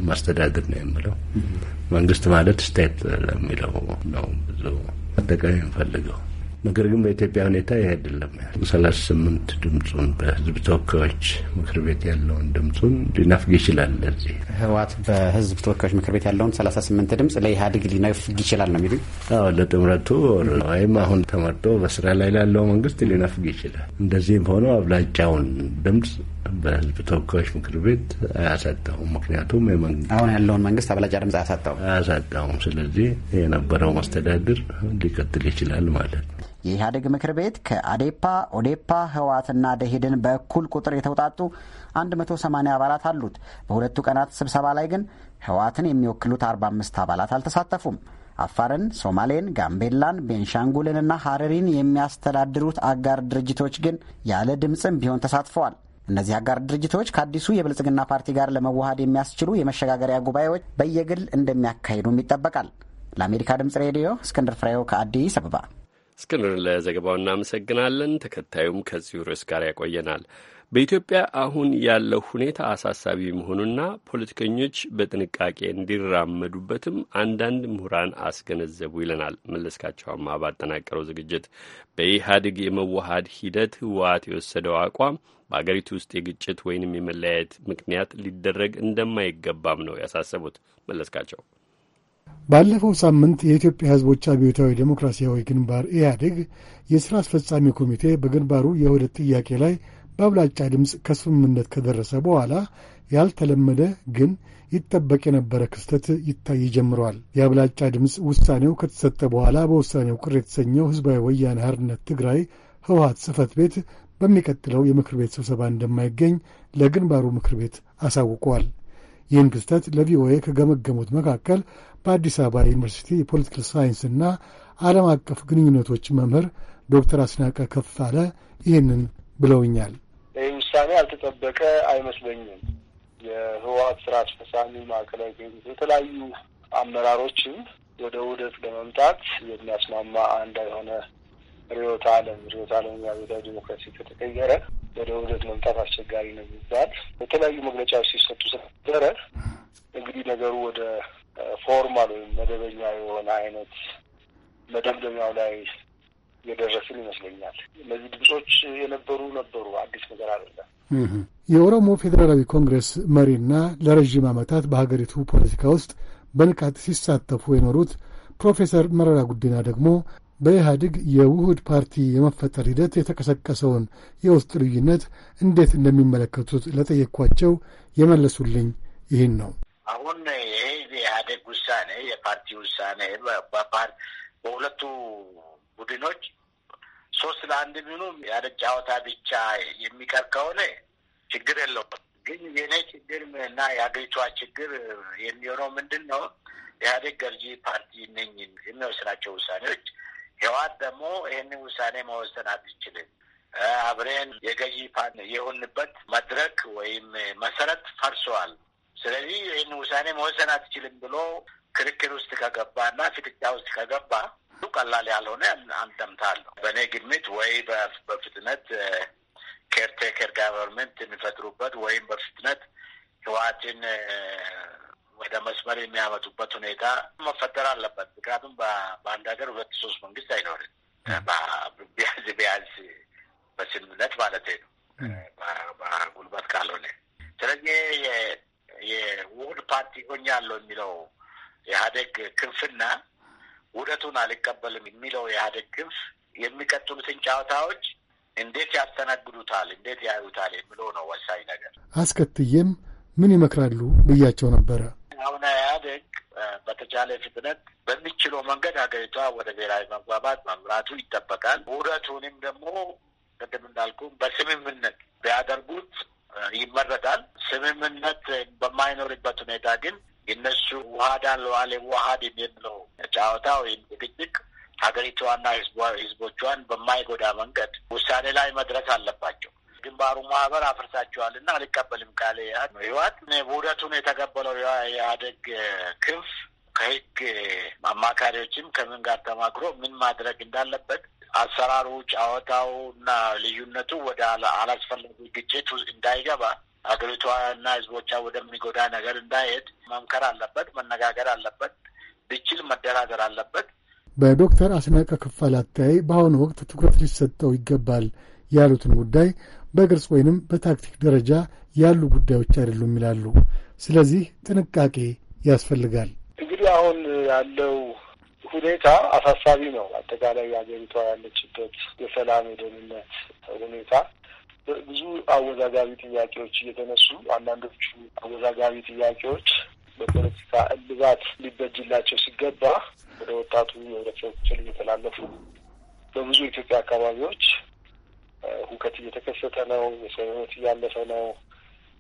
S2: ማስተዳደር ነው የምለው መንግስት ማለት ስቴት ለሚለው ነው ብዙ አጠቃላይ የምፈልገው ነገር ግን በኢትዮጵያ ሁኔታ ይህ አይደለም። ሰላሳ ስምንት ድምፁን በህዝብ ተወካዮች ምክር ቤት ያለውን ድምፁን ሊነፍግ ይችላል። ለዚህ
S6: ህወሓት በህዝብ ተወካዮች ምክር ቤት ያለውን ሰላሳ ስምንት ድምፅ ለኢህአዴግ ሊነፍግ ይችላል ነው የሚሉኝ?
S2: አዎ ለጥምረቱ ወይም አሁን ተመርጦ በስራ ላይ ላለው መንግስት ሊነፍግ ይችላል። እንደዚህም ሆኖ አብላጫውን ድምፅ በህዝብ ተወካዮች ምክር ቤት አያሳጣውም። ምክንያቱም አሁን ያለውን መንግስት አብላጫ ድምፅ አያሳጣውም አያሳጣውም። ስለዚህ የነበረው መስተዳድር ሊቀጥል ይችላል ማለት ነው።
S6: የኢህአዴግ ምክር ቤት ከአዴፓ፣ ኦዴፓ፣ ህወሓትና ደሄድን በእኩል ቁጥር የተውጣጡ 180 አባላት አሉት። በሁለቱ ቀናት ስብሰባ ላይ ግን ህወሓትን የሚወክሉት 45 አባላት አልተሳተፉም። አፋርን፣ ሶማሌን፣ ጋምቤላን፣ ቤንሻንጉልንና ሀረሪን የሚያስተዳድሩት አጋር ድርጅቶች ግን ያለ ድምፅም ቢሆን ተሳትፈዋል። እነዚህ አጋር ድርጅቶች ከአዲሱ የብልጽግና ፓርቲ ጋር ለመዋሃድ የሚያስችሉ የመሸጋገሪያ ጉባኤዎች በየግል እንደሚያካሂዱም ይጠበቃል። ለአሜሪካ ድምፅ ሬዲዮ እስክንድር ፍሬው ከአዲስ አበባ
S3: እስክንድርን ለዘገባው እናመሰግናለን። ተከታዩም ከዚሁ ርዕስ ጋር ያቆየናል። በኢትዮጵያ አሁን ያለው ሁኔታ አሳሳቢ መሆኑና ፖለቲከኞች በጥንቃቄ እንዲራመዱበትም አንዳንድ ምሁራን አስገነዘቡ ይለናል መለስካቸውማ ባጠናቀረው ዝግጅት። በኢህአዴግ የመዋሃድ ሂደት ህወሓት የወሰደው አቋም በአገሪቱ ውስጥ የግጭት ወይንም የመለያየት ምክንያት ሊደረግ እንደማይገባም ነው ያሳሰቡት መለስካቸው
S5: ባለፈው ሳምንት የኢትዮጵያ ሕዝቦች አብዮታዊ ዴሞክራሲያዊ ግንባር ኢህአዴግ የሥራ አስፈጻሚ ኮሚቴ በግንባሩ የውህደት ጥያቄ ላይ በአብላጫ ድምፅ ከስምምነት ከደረሰ በኋላ ያልተለመደ ግን ይጠበቅ የነበረ ክስተት ይታይ ጀምረዋል። የአብላጫ ድምፅ ውሳኔው ከተሰጠ በኋላ በውሳኔው ቅር የተሰኘው ሕዝባዊ ወያነ ሓርነት ትግራይ ህወሀት ጽህፈት ቤት በሚቀጥለው የምክር ቤት ስብሰባ እንደማይገኝ ለግንባሩ ምክር ቤት አሳውቋል። ይህን ክስተት ለቪኦኤ ከገመገሙት መካከል በአዲስ አበባ ዩኒቨርሲቲ የፖለቲካል ሳይንስ እና ዓለም አቀፍ ግንኙነቶች መምህር ዶክተር አስናቀ ከፍ አለ ይህንን ብለውኛል።
S7: ይህ ውሳኔ ያልተጠበቀ አይመስለኝም። የህወሓት ስራ አስፈጻሚ ማዕከላዊ ኮሚቴ የተለያዩ አመራሮችም ወደ ውህደት ለመምጣት የሚያስማማ አንድ የሆነ ርዕዮተ ዓለም ርዕዮተ ዓለም ብሔራዊ ዲሞክራሲ ከተቀየረ ወደ ውህደት መምጣት አስቸጋሪ ነው የሚባል የተለያዩ መግለጫዎች ሲሰጡ ስለነበረ እንግዲህ ነገሩ ወደ ፎርማል ወይም መደበኛ የሆነ አይነት መደምደሚያው ላይ የደረስን ይመስለኛል። እነዚህ ድምጾች የነበሩ ነበሩ፣ አዲስ ነገር አይደለም።
S5: የኦሮሞ ፌዴራላዊ ኮንግረስ መሪና ለረዥም ዓመታት በሀገሪቱ ፖለቲካ ውስጥ በንቃት ሲሳተፉ የኖሩት ፕሮፌሰር መረራ ጉዲና ደግሞ በኢህአዴግ የውህድ ፓርቲ የመፈጠር ሂደት የተቀሰቀሰውን የውስጥ ልዩነት እንዴት እንደሚመለከቱት ለጠየቅኳቸው የመለሱልኝ ይህን ነው። አሁን ይሄ የኢህአዴግ
S8: ውሳኔ የፓርቲ ውሳኔ በሁለቱ ቡድኖች ሶስት ለአንድ ቢሆኑ ኢህአዴግ ጨዋታ ብቻ የሚቀር ከሆነ ችግር የለውም። ግን የኔ ችግር እና የአገሪቷ ችግር የሚሆነው ምንድን ነው? ኢህአዴግ ገርጂ ፓርቲ ነኝ የሚወስናቸው ውሳኔዎች፣ ህዋት ደግሞ ይህንን ውሳኔ መወሰን አትችልም። አብረን የገዢ ፓርቲ የሆንበት መድረክ ወይም መሰረት ፈርሰዋል። ስለዚህ ይህን ውሳኔ መወሰን አትችልም ብሎ ክርክር ውስጥ ከገባ እና ፍጥጫ ውስጥ ከገባ ቀላል ያልሆነ አንደምታ በእኔ ግምት ወይ በፍጥነት ኬርቴከር ጋቨርንመንት የሚፈጥሩበት ወይም በፍጥነት ህወሓትን ወደ መስመር የሚያመጡበት ሁኔታ መፈጠር አለበት። ምክንያቱም በአንድ ሀገር ሁለት ሶስት መንግስት አይኖርም። ቢያንስ ቢያንስ በስምምነት ማለት ነው፣ በጉልበት ካልሆነ ስለዚህ የውህድ ፓርቲ ሆኛለሁ የሚለው ኢህአዴግ ክንፍና ውህደቱን አልቀበልም የሚለው ኢህአዴግ ክንፍ የሚቀጥሉትን ጨዋታዎች እንዴት ያስተናግዱታል፣ እንዴት ያዩታል የሚለው ነው ወሳኝ ነገር።
S5: አስከትዬም ምን ይመክራሉ ብያቸው ነበረ። አሁን ኢህአዴግ በተቻለ ፍጥነት በሚችለው መንገድ
S8: ሀገሪቷ ወደ ብሔራዊ መግባባት መምራቱ ይጠበቃል። ውህደቱንም ደግሞ ቅድም እንዳልኩም በስምምነት ቢያደርጉት ይመረጣል። ስምምነት በማይኖርበት ሁኔታ ግን የነሱ ውሀዳን ለዋሌ ውሃድ የሚለው ጨዋታ ወይም ጭቅጭቅ ሀገሪቷና ህዝቦቿን በማይጎዳ መንገድ ውሳኔ ላይ መድረስ አለባቸው። ግንባሩ ማህበር አፍርሳቸዋልና አልቀበልም ካለ ህወሓት ውህደቱን የተቀበለው የኢህአዴግ ክንፍ ከህግ አማካሪዎችም ከምን ጋር ተማክሮ ምን ማድረግ እንዳለበት አሰራሩ፣ ጨዋታው እና ልዩነቱ ወደ አላስፈላጊ ግጭት እንዳይገባ ሀገሪቷ እና ህዝቦቿ ወደሚጎዳ ነገር እንዳይሄድ መምከር አለበት፣ መነጋገር አለበት፣ ብችል መደራደር
S5: አለበት። በዶክተር አስናቀ ክፋል አተያይ በአሁኑ ወቅት ትኩረት ሊሰጠው ይገባል ያሉትን ጉዳይ በግልጽ ወይንም በታክቲክ ደረጃ ያሉ ጉዳዮች አይደሉም ይላሉ። ስለዚህ ጥንቃቄ ያስፈልጋል።
S7: እንግዲህ አሁን ያለው ሁኔታ አሳሳቢ ነው። አጠቃላይ ሀገሪቷ ያለችበት የሰላም የደህንነት ሁኔታ ብዙ አወዛጋቢ ጥያቄዎች እየተነሱ አንዳንዶቹ አወዛጋቢ ጥያቄዎች በፖለቲካ እልባት ሊበጅላቸው ሲገባ ወደ ወጣቱ የህብረተሰብ ክፍል እየተላለፉ በብዙ ኢትዮጵያ አካባቢዎች ሁከት እየተከሰተ ነው። የሰው ህይወት እያለፈ ነው።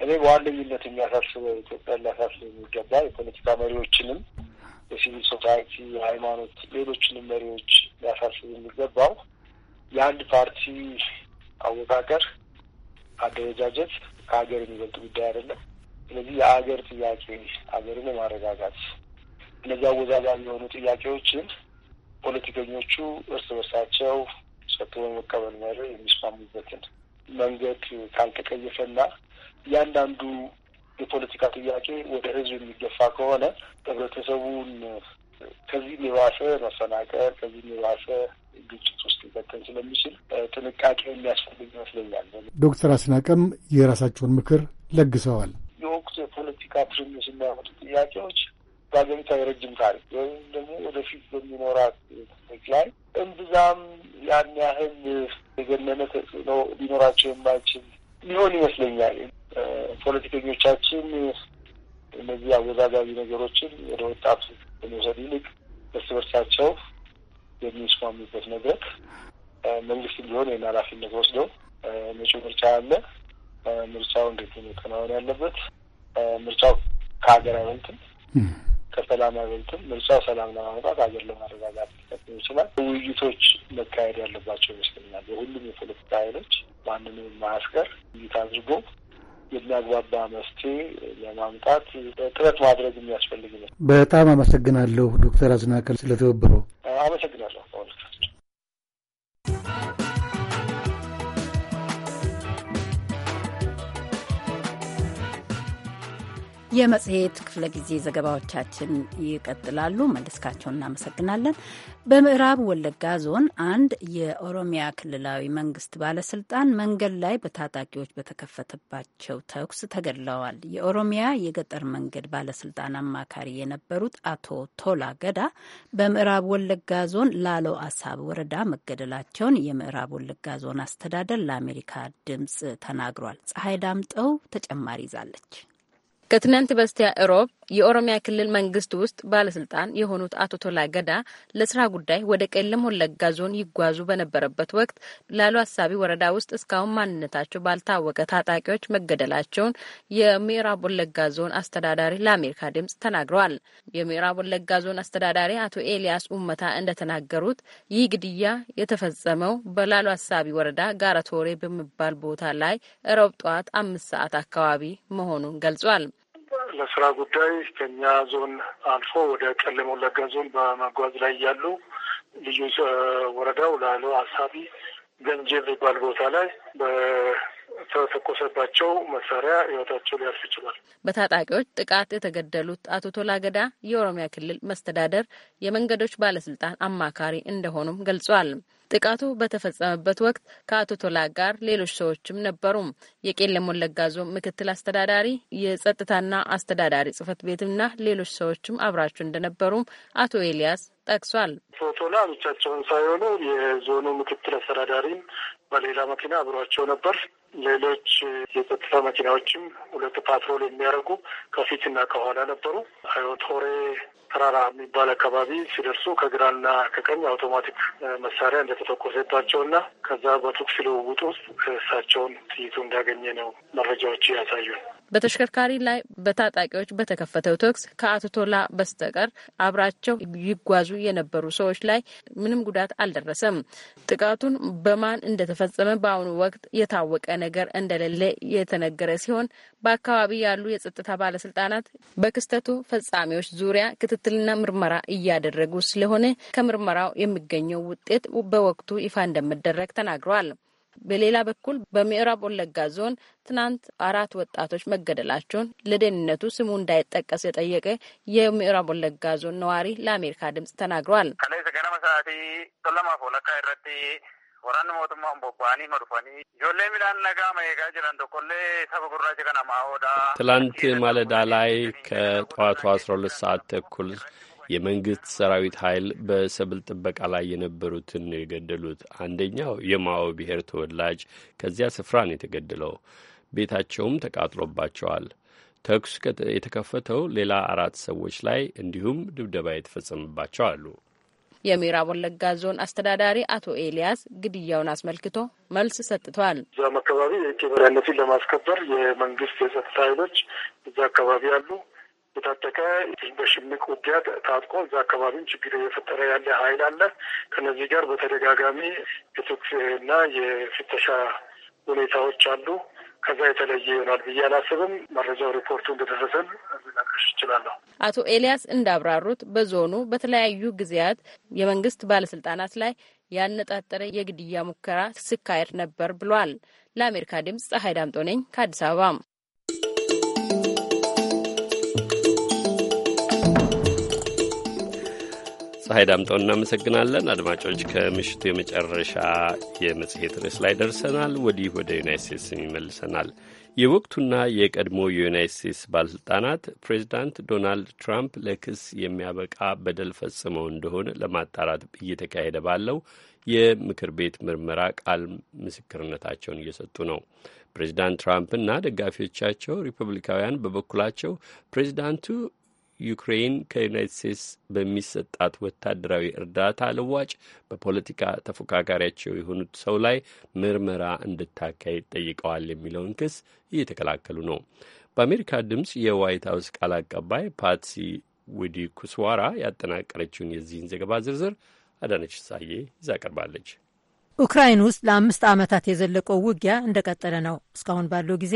S7: እኔ በዋነኝነት የሚያሳስበው ኢትዮጵያ ሊያሳስብ የሚገባ የፖለቲካ መሪዎችንም የሲቪል ሶሳይቲ፣ የሃይማኖት ሌሎችንም መሪዎች ሊያሳስብ የሚገባው የአንድ ፓርቲ አወቃቀር አደረጃጀት ከሀገር የሚበልጥ ጉዳይ አይደለም። ስለዚህ የአገር ጥያቄ ሀገርን ለማረጋጋት እነዚህ አወዛጋቢ የሆኑ ጥያቄዎችን ፖለቲከኞቹ እርስ በርሳቸው ሰጥቶ በመቀበል መርህ የሚስማሙበትን መንገድ ካልተቀየፈና እያንዳንዱ የፖለቲካ ጥያቄ ወደ ህዝብ የሚገፋ ከሆነ ህብረተሰቡን ከዚህም የባሰ መፈናቀል ከዚህም የባሰ ግጭት ውስጥ ሊበተን ስለሚችል ጥንቃቄ የሚያስፈልግ ይመስለኛል። ዶክተር
S5: አስናቀም የራሳቸውን ምክር ለግሰዋል።
S7: የወቅቱ የፖለቲካ ፕሪሚስ የሚያመጡ ጥያቄዎች በሀገሪቷ የረጅም ታሪክ ወይም ደግሞ ወደፊት በሚኖራት ላይ እምብዛም ያን ያህል የገነነ ተጽዕኖ ሊኖራቸው የማይችል
S9: ሊሆን ይመስለኛል።
S7: ፖለቲከኞቻችን እነዚህ አወዛጋቢ ነገሮችን ወደ ወጣቱ በመውሰድ ይልቅ እርስ በርሳቸው የሚስማሙበት መድረክ መንግስት ቢሆን ይህን ኃላፊነት ወስደው መጪው ምርጫ አለ። ምርጫው እንዴት መከናወን ያለበት? ምርጫው ከሀገር አይበልጥም፣ ከሰላም አይበልጥም። ምርጫው ሰላም ለማምጣት ሀገር ለማረጋጋት ሊጠቅም ይችላል። ውይይቶች መካሄድ ያለባቸው ይመስለኛል። የሁሉም የፖለቲካ ኃይሎች ማንንም ማያስቀር ውይይት አድርጎ የሚያግባባ መፍትሄ ለማምጣት ጥረት ማድረግ የሚያስፈልግ ነው።
S5: በጣም አመሰግናለሁ ዶክተር አዝናከል ስለተባበሩ
S7: አመሰግናለሁ።
S1: የመጽሔት ክፍለ ጊዜ ዘገባዎቻችን ይቀጥላሉ። መለስካቸው እናመሰግናለን። በምዕራብ ወለጋ ዞን አንድ የኦሮሚያ ክልላዊ መንግስት ባለስልጣን መንገድ ላይ በታጣቂዎች በተከፈተባቸው ተኩስ ተገድለዋል። የኦሮሚያ የገጠር መንገድ ባለስልጣን አማካሪ የነበሩት አቶ ቶላ ገዳ በምዕራብ ወለጋ ዞን ላሎ አሳብ ወረዳ መገደላቸውን የምዕራብ ወለጋ ዞን አስተዳደር ለአሜሪካ ድምጽ ተናግሯል። ፀሐይ ዳምጠው ተጨማሪ ይዛለች።
S10: ከትናንት በስቲያ እሮብ የኦሮሚያ ክልል መንግስት ውስጥ ባለስልጣን የሆኑት አቶ ቶላ ገዳ ለስራ ጉዳይ ወደ ቄለም ወለጋ ዞን ይጓዙ በነበረበት ወቅት ላሉ አሳቢ ወረዳ ውስጥ እስካሁን ማንነታቸው ባልታወቀ ታጣቂዎች መገደላቸውን የምዕራብ ወለጋ ዞን አስተዳዳሪ ለአሜሪካ ድምጽ ተናግረዋል። የምዕራብ ወለጋ ዞን አስተዳዳሪ አቶ ኤልያስ ኡመታ እንደተናገሩት ይህ ግድያ የተፈጸመው በላሉ አሳቢ ወረዳ ጋራቶሬ በሚባል ቦታ ላይ እሮብ ጠዋት አምስት ሰዓት አካባቢ መሆኑን ገልጿል።
S7: ለስራ ጉዳይ ከኛ ዞን አልፎ ወደ ቄለም ወለጋ ዞን በመጓዝ ላይ ያሉ ልዩ ወረዳው ላሎ አሳቢ ገንጂ የሚባል ቦታ ላይ በተተኮሰባቸው መሳሪያ ህይወታቸው ሊያልፍ
S10: ይችላል። በታጣቂዎች ጥቃት የተገደሉት አቶ ቶላ ገዳ የኦሮሚያ ክልል መስተዳደር የመንገዶች ባለስልጣን አማካሪ እንደሆኑም ገልጿል። ጥቃቱ በተፈጸመበት ወቅት ከአቶ ቶላ ጋር ሌሎች ሰዎችም ነበሩ። የቄለም ወለጋ ዞን ምክትል አስተዳዳሪ፣ የጸጥታና አስተዳዳሪ ጽህፈት ቤትና ሌሎች ሰዎችም አብራችሁ እንደነበሩም አቶ ኤልያስ ጠቅሷል።
S7: ቶላ ብቻቸውን ሳይሆኑ የዞኑ ምክትል አስተዳዳሪም በሌላ መኪና አብሯቸው ነበር። ሌሎች የጸጥታ መኪናዎችም ሁለት ፓትሮል የሚያደርጉ ከፊትና ከኋላ ነበሩ። አዮቶሬ ተራራ የሚባል አካባቢ ሲደርሱ ከግራና ከቀኝ አውቶማቲክ መሳሪያ እንደተተኮሰባቸውና ከዛ በተኩስ ልውውጥ ውስጥ እሳቸውን ጥይቱ እንዳገኘ ነው መረጃዎች ያሳዩን።
S10: በተሽከርካሪ ላይ በታጣቂዎች በተከፈተው ተኩስ ከአቶ ቶላ በስተቀር አብራቸው ይጓዙ የነበሩ ሰዎች ላይ ምንም ጉዳት አልደረሰም። ጥቃቱን በማን እንደተፈጸመ በአሁኑ ወቅት የታወቀ ነገር እንደሌለ የተነገረ ሲሆን በአካባቢ ያሉ የጸጥታ ባለስልጣናት በክስተቱ ፈጻሚዎች ዙሪያ ክትትልና ምርመራ እያደረጉ ስለሆነ ከምርመራው የሚገኘው ውጤት በወቅቱ ይፋ እንደሚደረግ ተናግረዋል። በሌላ በኩል በምዕራብ ወለጋ ዞን ትናንት አራት ወጣቶች መገደላቸውን ለደህንነቱ ስሙ እንዳይጠቀስ የጠየቀ የምዕራብ ወለጋ ዞን ነዋሪ ለአሜሪካ ድምጽ
S8: ማወዳ
S3: ትላንት ማለዳ ላይ ከጠዋቱ አስራ ሁለት ሰዓት ተኩል የመንግስት ሰራዊት ኃይል በሰብል ጥበቃ ላይ የነበሩትን የገደሉት። አንደኛው የማኦ ብሔር ተወላጅ ከዚያ ስፍራ ነው የተገደለው። ቤታቸውም ተቃጥሎባቸዋል። ተኩስ የተከፈተው ሌላ አራት ሰዎች ላይ እንዲሁም ድብደባ የተፈጸመባቸው አሉ።
S10: የምዕራብ ወለጋ ዞን አስተዳዳሪ አቶ ኤልያስ ግድያውን አስመልክቶ መልስ ሰጥተዋል።
S7: እዛም አካባቢ የኢትዮጵያነትን ለማስከበር የመንግስት የጸጥታ ኃይሎች እዛ አካባቢ አሉ። የታጠቀ በሽምቅ ውጊያ ታጥቆ እዛ አካባቢም ችግር እየፈጠረ ያለ ሀይል አለ። ከነዚህ ጋር በተደጋጋሚ የትጥቅና የፍተሻ ሁኔታዎች አሉ። ከዛ የተለየ ይሆናል ብዬ አላስብም። መረጃው ሪፖርቱ እንደደረሰን ልናቀርብ እችላለሁ።
S10: አቶ ኤልያስ እንዳብራሩት በዞኑ በተለያዩ ጊዜያት የመንግስት ባለስልጣናት ላይ ያነጣጠረ የግድያ ሙከራ ሲካሄድ ነበር ብሏል። ለአሜሪካ ድምፅ ፀሐይ ዳምጦ ነኝ ከአዲስ አበባ።
S3: ፀሐይ ዳምጠው እናመሰግናለን። አድማጮች ከምሽቱ የመጨረሻ የመጽሔት ርዕስ ላይ ደርሰናል። ወዲህ ወደ ዩናይት ስቴትስም ይመልሰናል። የወቅቱና የቀድሞ የዩናይት ስቴትስ ባለሥልጣናት ፕሬዚዳንት ዶናልድ ትራምፕ ለክስ የሚያበቃ በደል ፈጽመው እንደሆነ ለማጣራት እየተካሄደ ባለው የምክር ቤት ምርመራ ቃል ምስክርነታቸውን እየሰጡ ነው። ፕሬዚዳንት ትራምፕና ደጋፊዎቻቸው ሪፐብሊካውያን በበኩላቸው ፕሬዚዳንቱ ዩክሬን ከዩናይት ስቴትስ በሚሰጣት ወታደራዊ እርዳታ ልዋጭ በፖለቲካ ተፎካካሪያቸው የሆኑት ሰው ላይ ምርመራ እንድታካሄድ ጠይቀዋል የሚለውን ክስ እየተከላከሉ ነው። በአሜሪካ ድምፅ የዋይት ሀውስ ቃል አቀባይ ፓትሲ ዊዲ ኩስዋራ ያጠናቀረችውን የዚህን ዘገባ ዝርዝር አዳነች ሳዬ ይዛ ቀርባለች።
S11: ኡክራይን ውስጥ ለአምስት ዓመታት የዘለቀው ውጊያ እንደቀጠለ ነው። እስካሁን ባለው ጊዜ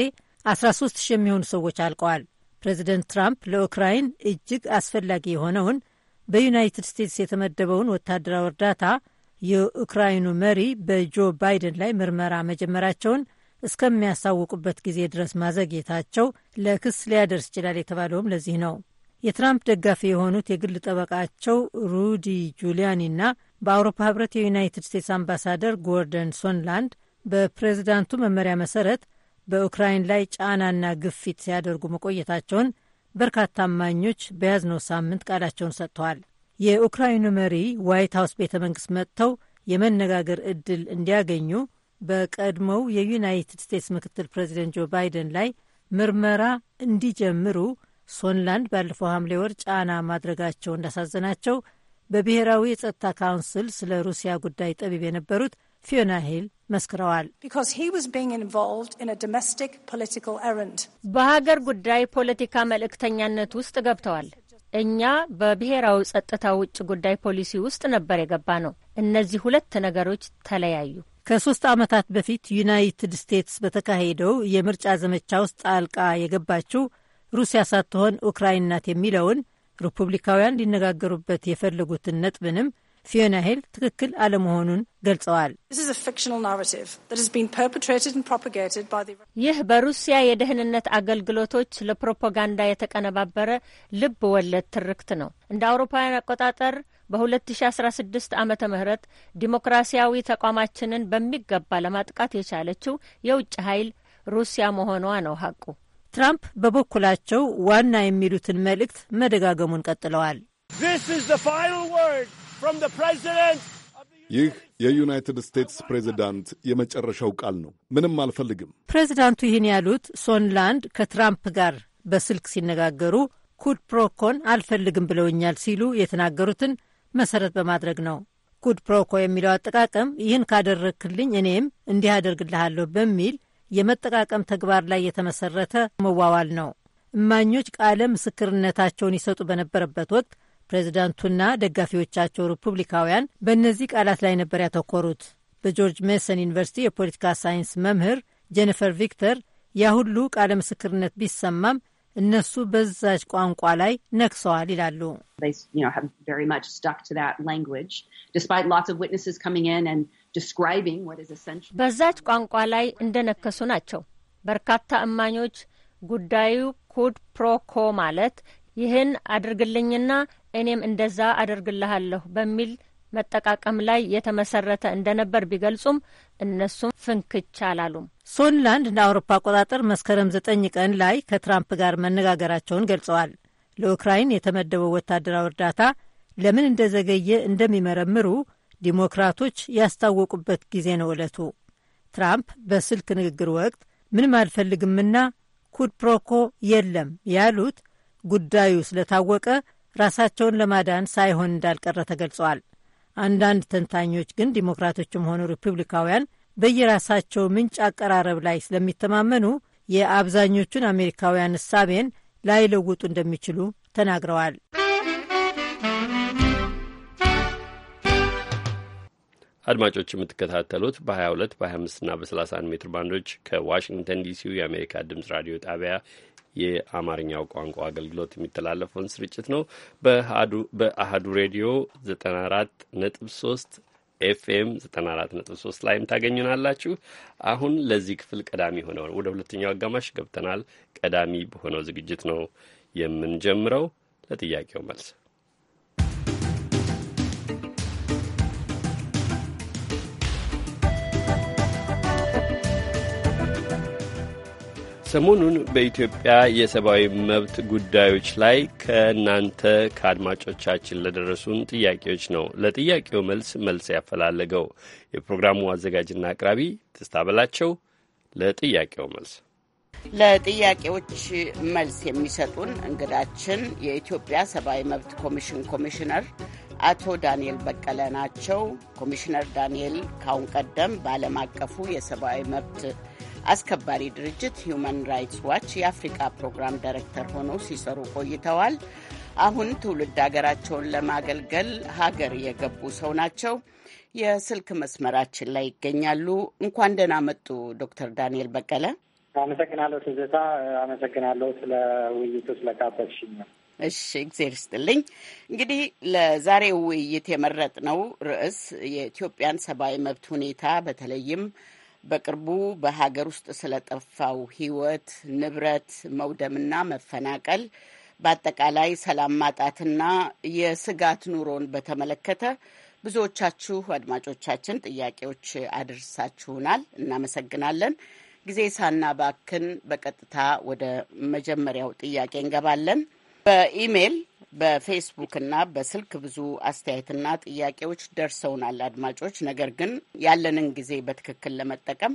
S11: 13 ሺህ የሚሆኑ ሰዎች አልቀዋል። ፕሬዚደንት ትራምፕ ለኡክራይን እጅግ አስፈላጊ የሆነውን በዩናይትድ ስቴትስ የተመደበውን ወታደራዊ እርዳታ የኡክራይኑ መሪ በጆ ባይደን ላይ ምርመራ መጀመራቸውን እስከሚያሳውቁበት ጊዜ ድረስ ማዘግየታቸው ለክስ ሊያደርስ ይችላል የተባለውም ለዚህ ነው። የትራምፕ ደጋፊ የሆኑት የግል ጠበቃቸው ሩዲ ጁሊያኒና በአውሮፓ ህብረት የዩናይትድ ስቴትስ አምባሳደር ጎርደን ሶንላንድ በፕሬዚዳንቱ መመሪያ መሰረት በዩክራይን ላይ ጫናና ግፊት ሲያደርጉ መቆየታቸውን በርካታ አማኞች በያዝነው ሳምንት ቃላቸውን ሰጥተዋል። የኡክራይኑ መሪ ዋይት ሀውስ ቤተ መንግስት መጥተው የመነጋገር እድል እንዲያገኙ በቀድሞው የዩናይትድ ስቴትስ ምክትል ፕሬዚደንት ጆ ባይደን ላይ ምርመራ እንዲጀምሩ ሶንላንድ ባለፈው ሐምሌ ወር ጫና ማድረጋቸው እንዳሳዘናቸው በብሔራዊ የጸጥታ ካውንስል ስለ ሩሲያ ጉዳይ ጠቢብ የነበሩት ፊዮና ሂል መስክረዋል። በሀገር ጉዳይ ፖለቲካ መልእክተኛነት ውስጥ ገብተዋል። እኛ በብሔራዊ ጸጥታ ውጭ ጉዳይ ፖሊሲ ውስጥ ነበር የገባ ነው። እነዚህ ሁለት ነገሮች ተለያዩ። ከሶስት ዓመታት በፊት ዩናይትድ ስቴትስ በተካሄደው የምርጫ ዘመቻ ውስጥ ጣልቃ የገባችው ሩሲያ ሳትሆን ኡክራይን ናት የሚለውን ሪፑብሊካውያን ሊነጋገሩበት የፈለጉትን ነጥብንም ፊዮና ሂል ትክክል አለመሆኑን ገልጸዋል። ይህ በሩሲያ የደህንነት አገልግሎቶች ለፕሮፓጋንዳ የተቀነባበረ ልብ ወለድ ትርክት ነው። እንደ አውሮፓውያን አቆጣጠር በ2016 ዓ ምህረት ዲሞክራሲያዊ ተቋማችንን በሚገባ ለማጥቃት የቻለችው የውጭ ኃይል ሩሲያ መሆኗ ነው ሀቁ። ትራምፕ በበኩላቸው ዋና የሚሉትን መልእክት መደጋገሙን ቀጥለዋል።
S2: ይህ የዩናይትድ ስቴትስ ፕሬዚዳንት የመጨረሻው ቃል ነው። ምንም አልፈልግም።
S11: ፕሬዚዳንቱ ይህን ያሉት ሶንላንድ ከትራምፕ ጋር በስልክ ሲነጋገሩ ኩድ ፕሮኮን አልፈልግም ብለውኛል ሲሉ የተናገሩትን መሰረት በማድረግ ነው። ኩድ ፕሮኮ የሚለው አጠቃቀም ይህን ካደረግክልኝ እኔም እንዲህ አደርግልሃለሁ በሚል የመጠቃቀም ተግባር ላይ የተመሰረተ መዋዋል ነው። እማኞች ቃለ ምስክርነታቸውን ይሰጡ በነበረበት ወቅት ፕሬዚዳንቱና ደጋፊዎቻቸው ሪፑብሊካውያን በእነዚህ ቃላት ላይ ነበር ያተኮሩት። በጆርጅ ሜሰን ዩኒቨርሲቲ የፖለቲካ ሳይንስ መምህር ጄኒፈር ቪክተር ያ ሁሉ ቃለ ምስክርነት ቢሰማም እነሱ በዛች ቋንቋ ላይ ነክሰዋል ይላሉ። በዛች ቋንቋ ላይ እንደነከሱ ናቸው። በርካታ እማኞች ጉዳዩ ኩድ ፕሮኮ ማለት ይህን አድርግልኝና እኔም እንደዛ አደርግልሃለሁ በሚል መጠቃቀም ላይ የተመሰረተ እንደነበር ቢገልጹም እነሱም ፍንክች አላሉም። ሶንላንድ እንደ አውሮፓ አቆጣጠር መስከረም ዘጠኝ ቀን ላይ ከትራምፕ ጋር መነጋገራቸውን ገልጸዋል። ለኡክራይን የተመደበው ወታደራዊ እርዳታ ለምን እንደዘገየ እንደሚመረምሩ ዲሞክራቶች ያስታወቁበት ጊዜ ነው ዕለቱ። ትራምፕ በስልክ ንግግር ወቅት ምንም አልፈልግምና ኩድ ፕሮኮ የለም ያሉት ጉዳዩ ስለታወቀ ራሳቸውን ለማዳን ሳይሆን እንዳልቀረ ተገልጸዋል። አንዳንድ ተንታኞች ግን ዲሞክራቶችም ሆኑ ሪፑብሊካውያን በየራሳቸው ምንጭ አቀራረብ ላይ ስለሚተማመኑ የአብዛኞቹን አሜሪካውያን እሳቤን ላይለውጡ እንደሚችሉ ተናግረዋል።
S3: አድማጮች የምትከታተሉት በ22 በ25ና በ31 ሜትር ባንዶች ከዋሽንግተን ዲሲው የአሜሪካ ድምፅ ራዲዮ ጣቢያ የአማርኛው ቋንቋ አገልግሎት የሚተላለፈውን ስርጭት ነው። በአህዱ ሬዲዮ 94 ነጥብ 3 ኤፍኤም 94 ነጥብ 3 ላይም ታገኙናላችሁ። አሁን ለዚህ ክፍል ቀዳሚ ሆነው ወደ ሁለተኛው አጋማሽ ገብተናል። ቀዳሚ በሆነው ዝግጅት ነው የምንጀምረው። ለጥያቄው መልስ ሰሞኑን በኢትዮጵያ የሰብአዊ መብት ጉዳዮች ላይ ከእናንተ ከአድማጮቻችን ለደረሱን ጥያቄዎች ነው ለጥያቄው መልስ መልስ ያፈላለገው የፕሮግራሙ አዘጋጅና አቅራቢ ትስታ በላቸው። ለጥያቄው መልስ
S12: ለጥያቄዎች መልስ የሚሰጡን እንግዳችን የኢትዮጵያ ሰብአዊ መብት ኮሚሽን ኮሚሽነር አቶ ዳንኤል በቀለ ናቸው። ኮሚሽነር ዳንኤል ካሁን ቀደም በዓለም አቀፉ የሰብአዊ መብት አስከባሪ ድርጅት ሂዩማን ራይትስ ዋች የአፍሪካ ፕሮግራም ዳይሬክተር ሆነው ሲሰሩ ቆይተዋል። አሁን ትውልድ ሀገራቸውን ለማገልገል ሀገር የገቡ ሰው ናቸው። የስልክ መስመራችን ላይ ይገኛሉ። እንኳን ደህና መጡ ዶክተር ዳንኤል በቀለ። አመሰግናለሁ
S4: ትዝታ፣ አመሰግናለሁ ስለ ውይይቱ ስለጋበዝሽኝ
S12: እሺ እግዜር ይስጥልኝ። እንግዲህ ለዛሬው ውይይት የመረጥነው ርዕስ የኢትዮጵያን ሰብአዊ መብት ሁኔታ በተለይም በቅርቡ በሀገር ውስጥ ስለጠፋው ህይወት ንብረት መውደምና መፈናቀል በአጠቃላይ ሰላም ማጣትና የስጋት ኑሮን በተመለከተ ብዙዎቻችሁ አድማጮቻችን ጥያቄዎች አድርሳችሁናል። እናመሰግናለን። ጊዜ ሳናባክን በቀጥታ ወደ መጀመሪያው ጥያቄ እንገባለን። በኢሜይል እና በስልክ ብዙ አስተያየትና ጥያቄዎች ደርሰውናል አድማጮች። ነገር ግን ያለንን ጊዜ በትክክል ለመጠቀም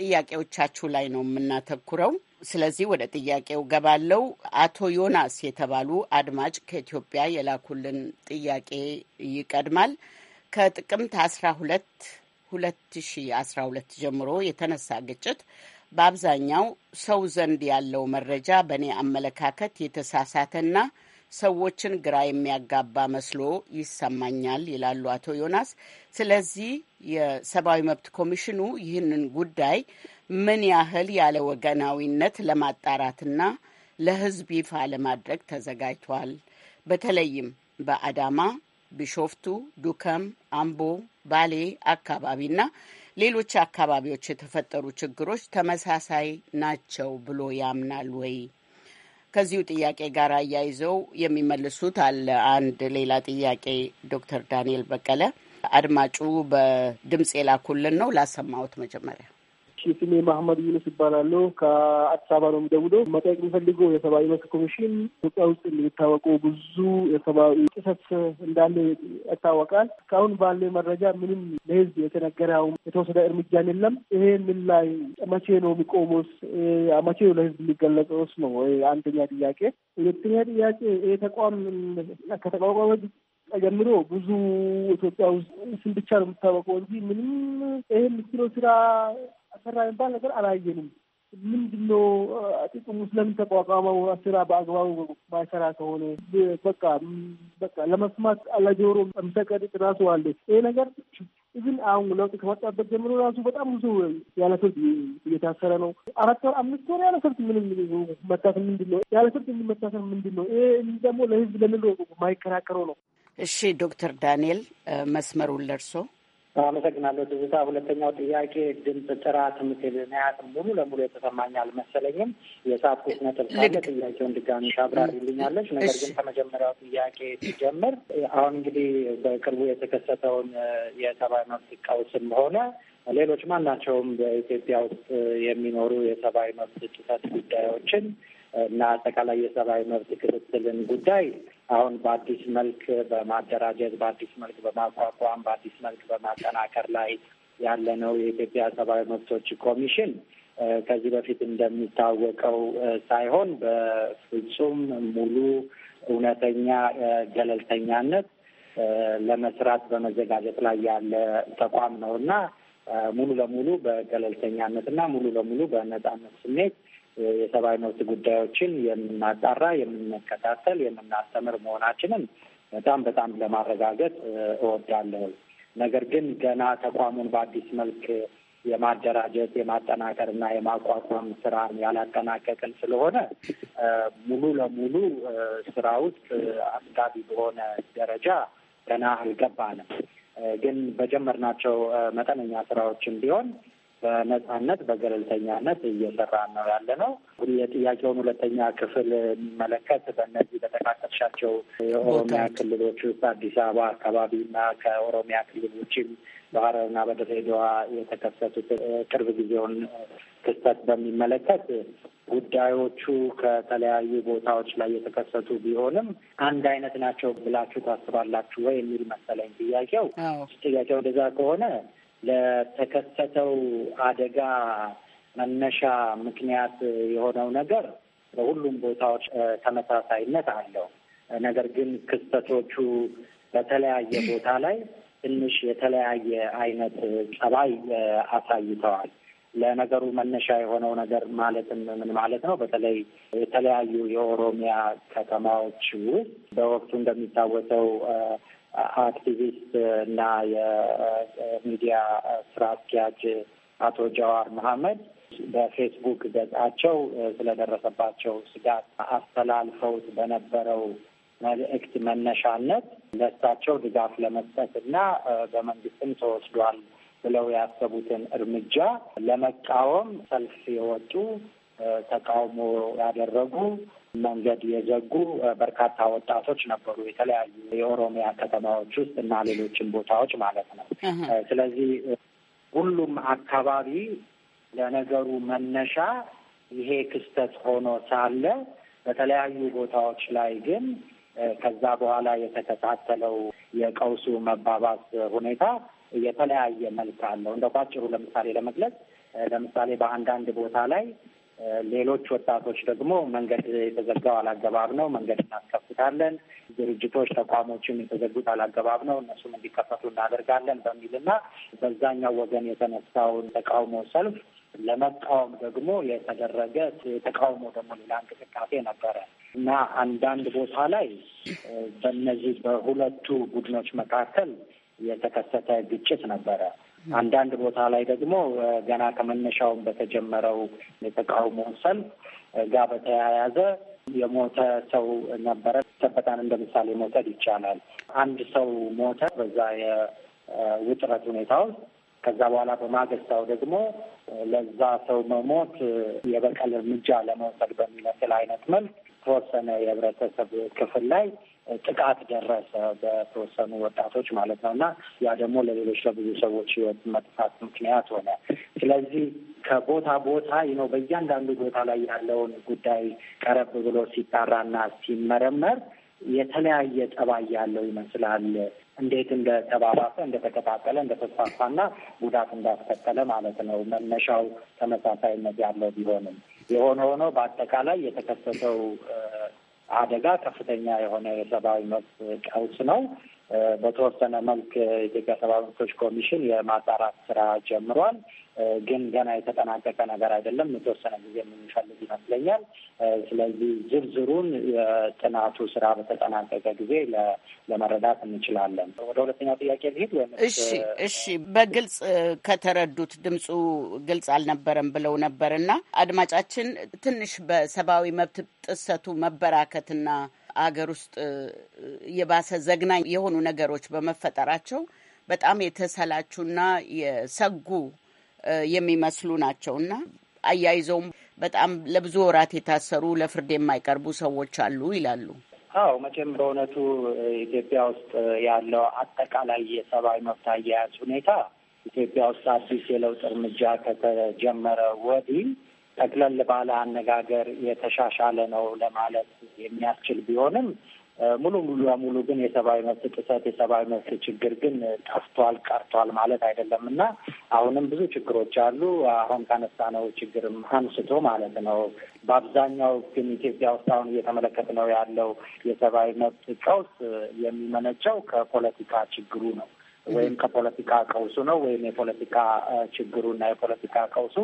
S12: ጥያቄዎቻችሁ ላይ ነው የምናተኩረው። ስለዚህ ወደ ጥያቄው ገባለው። አቶ ዮናስ የተባሉ አድማጭ ከኢትዮጵያ የላኩልን ጥያቄ ይቀድማል። ከጥቅምት 12 2012 ጀምሮ የተነሳ ግጭት በአብዛኛው ሰው ዘንድ ያለው መረጃ በእኔ አመለካከት የተሳሳተና ሰዎችን ግራ የሚያጋባ መስሎ ይሰማኛል ይላሉ አቶ ዮናስ። ስለዚህ የሰብአዊ መብት ኮሚሽኑ ይህንን ጉዳይ ምን ያህል ያለ ወገናዊነት ለማጣራትና ለሕዝብ ይፋ ለማድረግ ተዘጋጅቷል? በተለይም በአዳማ፣ ቢሾፍቱ፣ ዱከም፣ አምቦ፣ ባሌ አካባቢና ሌሎች አካባቢዎች የተፈጠሩ ችግሮች ተመሳሳይ ናቸው ብሎ ያምናል ወይ? ከዚሁ ጥያቄ ጋር አያይዘው የሚመልሱት አለ። አንድ ሌላ ጥያቄ ዶክተር ዳንኤል በቀለ አድማጩ በድምፅ የላኩልን ነው ላሰማዎት መጀመሪያ
S9: ስሜ ማህመድ ዩኑስ ይባላሉ። ከአዲስ አበባ ነው የሚደውለው። መጠየቅ የሚፈልገው የሰብአዊ መብት ኮሚሽን ኢትዮጵያ ውስጥ የሚታወቀው ብዙ የሰብአዊ ጥሰት እንዳለ ይታወቃል። እስካሁን ባለ መረጃ ምንም ለህዝብ የተነገረው የተወሰደ እርምጃ የለም። ይሄንን ላይ መቼ ነው የሚቆመውስ? መቼ ለህዝብ የሚገለጸውስ ነው አንደኛ ጥያቄ። ሁለተኛ ጥያቄ ይህ ተቋም ከተቋቋመ ጀምሮ ብዙ ኢትዮጵያ ውስጥ ስም ብቻ ነው የሚታወቀው እንጂ ምንም ምስሎ ስራ አሰራ የሚባል ነገር አላየንም። ምንድን ነው ጥቅሙ? ስለምን ተቋቋመው? ስራ በአግባቡ ማይሰራ ከሆነ በቃ በቃ ለመስማት ለጆሮ የምሰቀጥጥ ራሱ አለ። ይሄ ነገር ግን አሁን ለውጥ ከመጣበት ጀምሮ ራሱ በጣም ብዙ ያለ ፍርድ እየታሰረ ነው። አራት ወር አምስት ወር ያለ ፍርድ ምንም መታሰር ምንድን ነው? ያለ ፍርድ የሚመታሰር ምንድን ነው? ይሄ ደግሞ ለህዝብ ለምን
S12: ማይከራከረው ነው? እሺ ዶክተር ዳንኤል መስመሩን ለርሶ አመሰግናለሁ ትዝታ። ሁለተኛው ጥያቄ ድምፅ
S4: ጥራት ናያት ሙሉ ለሙሉ የተሰማኝ አልመሰለኝም። የሳትኩት ነጥብ ካለ ጥያቄውን ድጋሚ ታብራሪልኛለች። ነገር ግን ከመጀመሪያው ጥያቄ ሲጀምር አሁን እንግዲህ በቅርቡ የተከሰተውን የሰብአዊ መብት ቀውስም ሆነ ሌሎች ማናቸውም በኢትዮጵያ ውስጥ የሚኖሩ የሰብአዊ መብት ጥሰት ጉዳዮችን እና አጠቃላይ የሰብአዊ መብት ክትትልን ጉዳይ አሁን በአዲስ መልክ በማደራጀት በአዲስ መልክ በማቋቋም በአዲስ መልክ በማጠናከር ላይ ያለ ነው። የኢትዮጵያ ሰብአዊ መብቶች ኮሚሽን ከዚህ በፊት እንደሚታወቀው ሳይሆን በፍጹም ሙሉ እውነተኛ ገለልተኛነት ለመስራት በመዘጋጀት ላይ ያለ ተቋም ነው እና ሙሉ ለሙሉ በገለልተኛነት እና ሙሉ ለሙሉ በነጻነት ስሜት የሰብአዊ መብት ጉዳዮችን የምናጣራ፣ የምንከታተል፣ የምናስተምር መሆናችንን በጣም በጣም ለማረጋገጥ እወዳለሁ። ነገር ግን ገና ተቋሙን በአዲስ መልክ የማደራጀት የማጠናከር እና የማቋቋም ስራን ያላጠናቀቅን ስለሆነ ሙሉ ለሙሉ ስራ ውስጥ አስጋቢ በሆነ ደረጃ ገና አልገባንም። ግን በጀመርናቸው መጠነኛ ስራዎችም ቢሆን በነጻነት በገለልተኛነት እየሰራ ነው ያለ ነው። የጥያቄውን ሁለተኛ ክፍል የሚመለከት በእነዚህ በጠቃቀሻቸው የኦሮሚያ ክልሎች ውስጥ አዲስ አበባ አካባቢና ከኦሮሚያ ክልል ውጭም በሐረርና በድሬዳዋ የተከሰቱት ቅርብ ጊዜውን ክስተት በሚመለከት ጉዳዮቹ ከተለያዩ ቦታዎች ላይ የተከሰቱ ቢሆንም አንድ አይነት ናቸው ብላችሁ ታስባላችሁ ወይ የሚል መሰለኝ ጥያቄው። ጥያቄው እንደዛ ከሆነ ለተከሰተው አደጋ መነሻ ምክንያት የሆነው ነገር በሁሉም ቦታዎች ተመሳሳይነት አለው። ነገር ግን ክስተቶቹ በተለያየ ቦታ ላይ ትንሽ የተለያየ አይነት ጸባይ አሳይተዋል። ለነገሩ መነሻ የሆነው ነገር ማለትም ምን ማለት ነው? በተለይ የተለያዩ የኦሮሚያ ከተማዎች ውስጥ በወቅቱ እንደሚታወሰው አክቲቪስት እና የሚዲያ ስራ አስኪያጅ አቶ ጃዋር መሀመድ በፌስቡክ ገጻቸው ስለደረሰባቸው ስጋት አስተላልፈውት በነበረው መልእክት መነሻነት ለእሳቸው ድጋፍ ለመስጠት እና በመንግስትም ተወስዷል ብለው ያሰቡትን እርምጃ ለመቃወም ሰልፍ የወጡ ተቃውሞ ያደረጉ መንገድ የዘጉ በርካታ ወጣቶች ነበሩ፣ የተለያዩ የኦሮሚያ ከተማዎች ውስጥ እና ሌሎችን ቦታዎች ማለት ነው። ስለዚህ ሁሉም አካባቢ ለነገሩ መነሻ ይሄ ክስተት ሆኖ ሳለ በተለያዩ ቦታዎች ላይ ግን ከዛ በኋላ የተከታተለው የቀውሱ መባባስ ሁኔታ የተለያየ መልክ አለው። እንደ ባጭሩ ለምሳሌ ለመግለጽ ለምሳሌ በአንዳንድ ቦታ ላይ ሌሎች ወጣቶች ደግሞ መንገድ የተዘጋው አላገባብ ነው፣ መንገድ እናስከፍታለን፣ ድርጅቶች ተቋሞችም የተዘጉት አላገባብ ነው፣ እነሱም እንዲከፈቱ እናደርጋለን በሚልና በዛኛው ወገን የተነሳውን ተቃውሞ ሰልፍ ለመቃወም ደግሞ የተደረገ የተቃውሞ ደግሞ ሌላ እንቅስቃሴ ነበረ እና አንዳንድ ቦታ ላይ በእነዚህ በሁለቱ ቡድኖች መካከል የተከሰተ ግጭት ነበረ። አንዳንድ ቦታ ላይ ደግሞ ገና ከመነሻውም በተጀመረው የተቃውሞ ሰልፍ ጋር በተያያዘ የሞተ ሰው ነበረ። ሰበታን እንደ ምሳሌ መውሰድ ይቻላል። አንድ ሰው ሞተ በዛ የውጥረት ሁኔታ ውስጥ። ከዛ በኋላ በማገስታው ደግሞ ለዛ ሰው መሞት የበቀል እርምጃ ለመውሰድ በሚመስል አይነት መልክ ተወሰነ የህብረተሰብ ክፍል ላይ ጥቃት ደረሰ በተወሰኑ ወጣቶች ማለት ነው እና ያ ደግሞ ለሌሎች ለብዙ ሰዎች ህይወት መጥፋት ምክንያት ሆነ። ስለዚህ ከቦታ ቦታ ነው በእያንዳንዱ ቦታ ላይ ያለውን ጉዳይ ቀረብ ብሎ ሲጣራና ሲመረመር የተለያየ ጠባይ ያለው ይመስላል። እንዴት እንደተባባሰ፣ እንደተቀጣጠለ፣ እንደተስፋፋና ጉዳት እንዳስከተለ ማለት ነው። መነሻው ተመሳሳይነት ያለው ቢሆንም የሆነ ሆኖ በአጠቃላይ የተከሰተው አደጋ ከፍተኛ የሆነ የሰብአዊ መብት ቀውስ ነው። በተወሰነ መልክ የኢትዮጵያ ሰብአዊ መብቶች ኮሚሽን የማጣራት ስራ ጀምሯል። ግን ገና የተጠናቀቀ ነገር አይደለም። የተወሰነ ጊዜ የምንፈልግ ይመስለኛል። ስለዚህ ዝርዝሩን የጥናቱ ስራ በተጠናቀቀ ጊዜ ለመረዳት እንችላለን። ወደ ሁለተኛው ጥያቄ ልሂድ ወይ? እሺ፣
S12: እሺ። በግልጽ ከተረዱት ድምፁ ግልጽ አልነበረም ብለው ነበር እና አድማጫችን ትንሽ በሰብአዊ መብት ጥሰቱ መበራከትና አገር ውስጥ የባሰ ዘግናኝ የሆኑ ነገሮች በመፈጠራቸው በጣም የተሰላቹና የሰጉ የሚመስሉ ናቸው እና አያይዘውም በጣም ለብዙ ወራት የታሰሩ ለፍርድ የማይቀርቡ ሰዎች አሉ ይላሉ።
S4: አዎ መቼም በእውነቱ ኢትዮጵያ ውስጥ ያለው አጠቃላይ የሰብአዊ መብት አያያዝ ሁኔታ ኢትዮጵያ ውስጥ አዲስ የለውጥ እርምጃ ከተጀመረ ወዲህ ጠቅለል ባለ አነጋገር የተሻሻለ ነው ለማለት የሚያስችል ቢሆንም ሙሉ ሙሉ ለሙሉ ግን የሰብአዊ መብት ጥሰት የሰብአዊ መብት ችግር ግን ጠፍቷል ቀርቷል ማለት አይደለም እና አሁንም ብዙ ችግሮች አሉ። አሁን ካነሳነው ችግርም አንስቶ ማለት ነው። በአብዛኛው ግን ኢትዮጵያ ውስጥ አሁን እየተመለከት ነው ያለው የሰብአዊ መብት ቀውስ የሚመነጨው ከፖለቲካ ችግሩ ነው። ወይም ከፖለቲካ ቀውሱ ነው ወይም የፖለቲካ ችግሩና የፖለቲካ ቀውሱ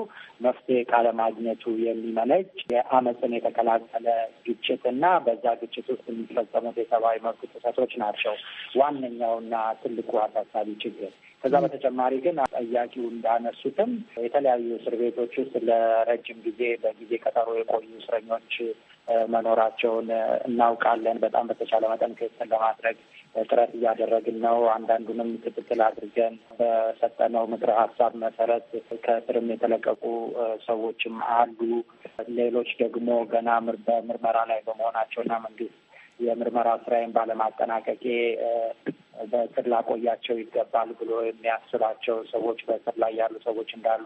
S4: መፍትሄ ካለማግኘቱ የሚመነጭ የአመፅን የተቀላቀለ ግጭትና በዛ ግጭት ውስጥ የሚፈጸሙት የሰብአዊ መብት ጥሰቶች ናቸው ዋነኛውና ትልቁ አሳሳቢ ችግር። ከዛ በተጨማሪ ግን ጠያቂው እንዳነሱትም የተለያዩ እስር ቤቶች ውስጥ ለረጅም ጊዜ በጊዜ ቀጠሮ የቆዩ እስረኞች መኖራቸውን እናውቃለን። በጣም በተቻለ መጠን ክትትል ለማድረግ ጥረት እያደረግን ነው። አንዳንዱንም ክትትል አድርገን በሰጠነው ምክረ ሀሳብ መሰረት ከእስርም የተለቀቁ ሰዎችም አሉ። ሌሎች ደግሞ ገና በምርመራ ላይ በመሆናቸውና መንግስት የምርመራ ስራዬን ባለማጠናቀቄ በእስር ላቆያቸው ይገባል ብሎ የሚያስባቸው ሰዎች በእስር ላይ ያሉ ሰዎች እንዳሉ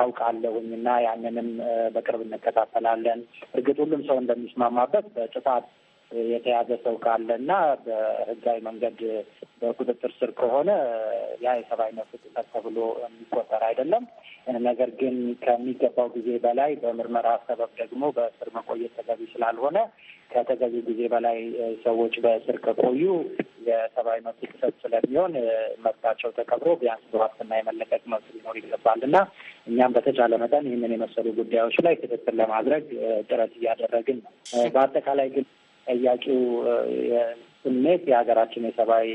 S4: አውቃለሁኝ እና ያንንም በቅርብ እንከታተላለን። እርግጥ ሁሉም ሰው እንደሚስማማበት በጥፋት የተያዘ ሰው ካለ እና በህጋዊ መንገድ በቁጥጥር ስር ከሆነ ያ የሰብአዊ መብት ጥሰት ተብሎ የሚቆጠር አይደለም። ነገር ግን ከሚገባው ጊዜ በላይ በምርመራ ሰበብ ደግሞ በእስር መቆየት ተገቢ ስላልሆነ ከተገቢ ጊዜ በላይ ሰዎች በእስር ከቆዩ የሰብአዊ መብት ጥሰት ስለሚሆን መብታቸው ተከብሮ ቢያንስ በዋስትና የመለቀቅ መብት ሊኖር ይገባል እና እኛም በተቻለ መጠን ይህንን የመሰሉ ጉዳዮች ላይ ክትትል ለማድረግ ጥረት እያደረግን ነው። በአጠቃላይ ግን ጠያቂው ስሜት የሀገራችን የሰብአዊ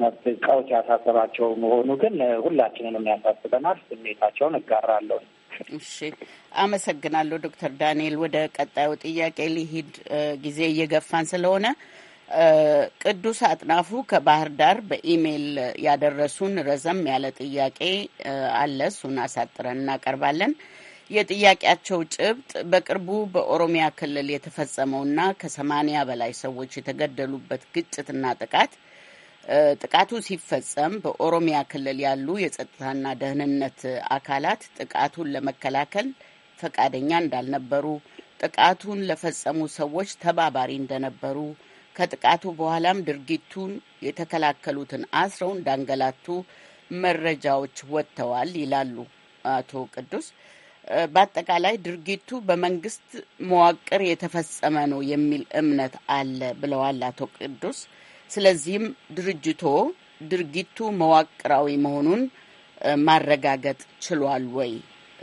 S4: መብት ቀውስ ያሳሰባቸው መሆኑ ግን ሁላችንንም ያሳስበናል። ስሜታቸውን እጋራለሁ።
S12: እሺ፣ አመሰግናለሁ ዶክተር ዳንኤል። ወደ ቀጣዩ ጥያቄ ሊሂድ ጊዜ እየገፋን ስለሆነ ቅዱስ አጥናፉ ከባህር ዳር በኢሜይል ያደረሱን ረዘም ያለ ጥያቄ አለ። እሱን አሳጥረን እናቀርባለን። የጥያቄያቸው ጭብጥ በቅርቡ በኦሮሚያ ክልል የተፈጸመውና ከሰማንያ በላይ ሰዎች የተገደሉበት ግጭትና ጥቃት ጥቃቱ ሲፈጸም በኦሮሚያ ክልል ያሉ የጸጥታና ደህንነት አካላት ጥቃቱን ለመከላከል ፈቃደኛ እንዳልነበሩ፣ ጥቃቱን ለፈጸሙ ሰዎች ተባባሪ እንደነበሩ፣ ከጥቃቱ በኋላም ድርጊቱን የተከላከሉትን አስረው እንዳንገላቱ መረጃዎች ወጥተዋል ይላሉ አቶ ቅዱስ። በአጠቃላይ ድርጊቱ በመንግስት መዋቅር የተፈጸመ ነው የሚል እምነት አለ ብለዋል አቶ ቅዱስ። ስለዚህም ድርጅቶ ድርጊቱ መዋቅራዊ መሆኑን ማረጋገጥ ችሏል ወይ?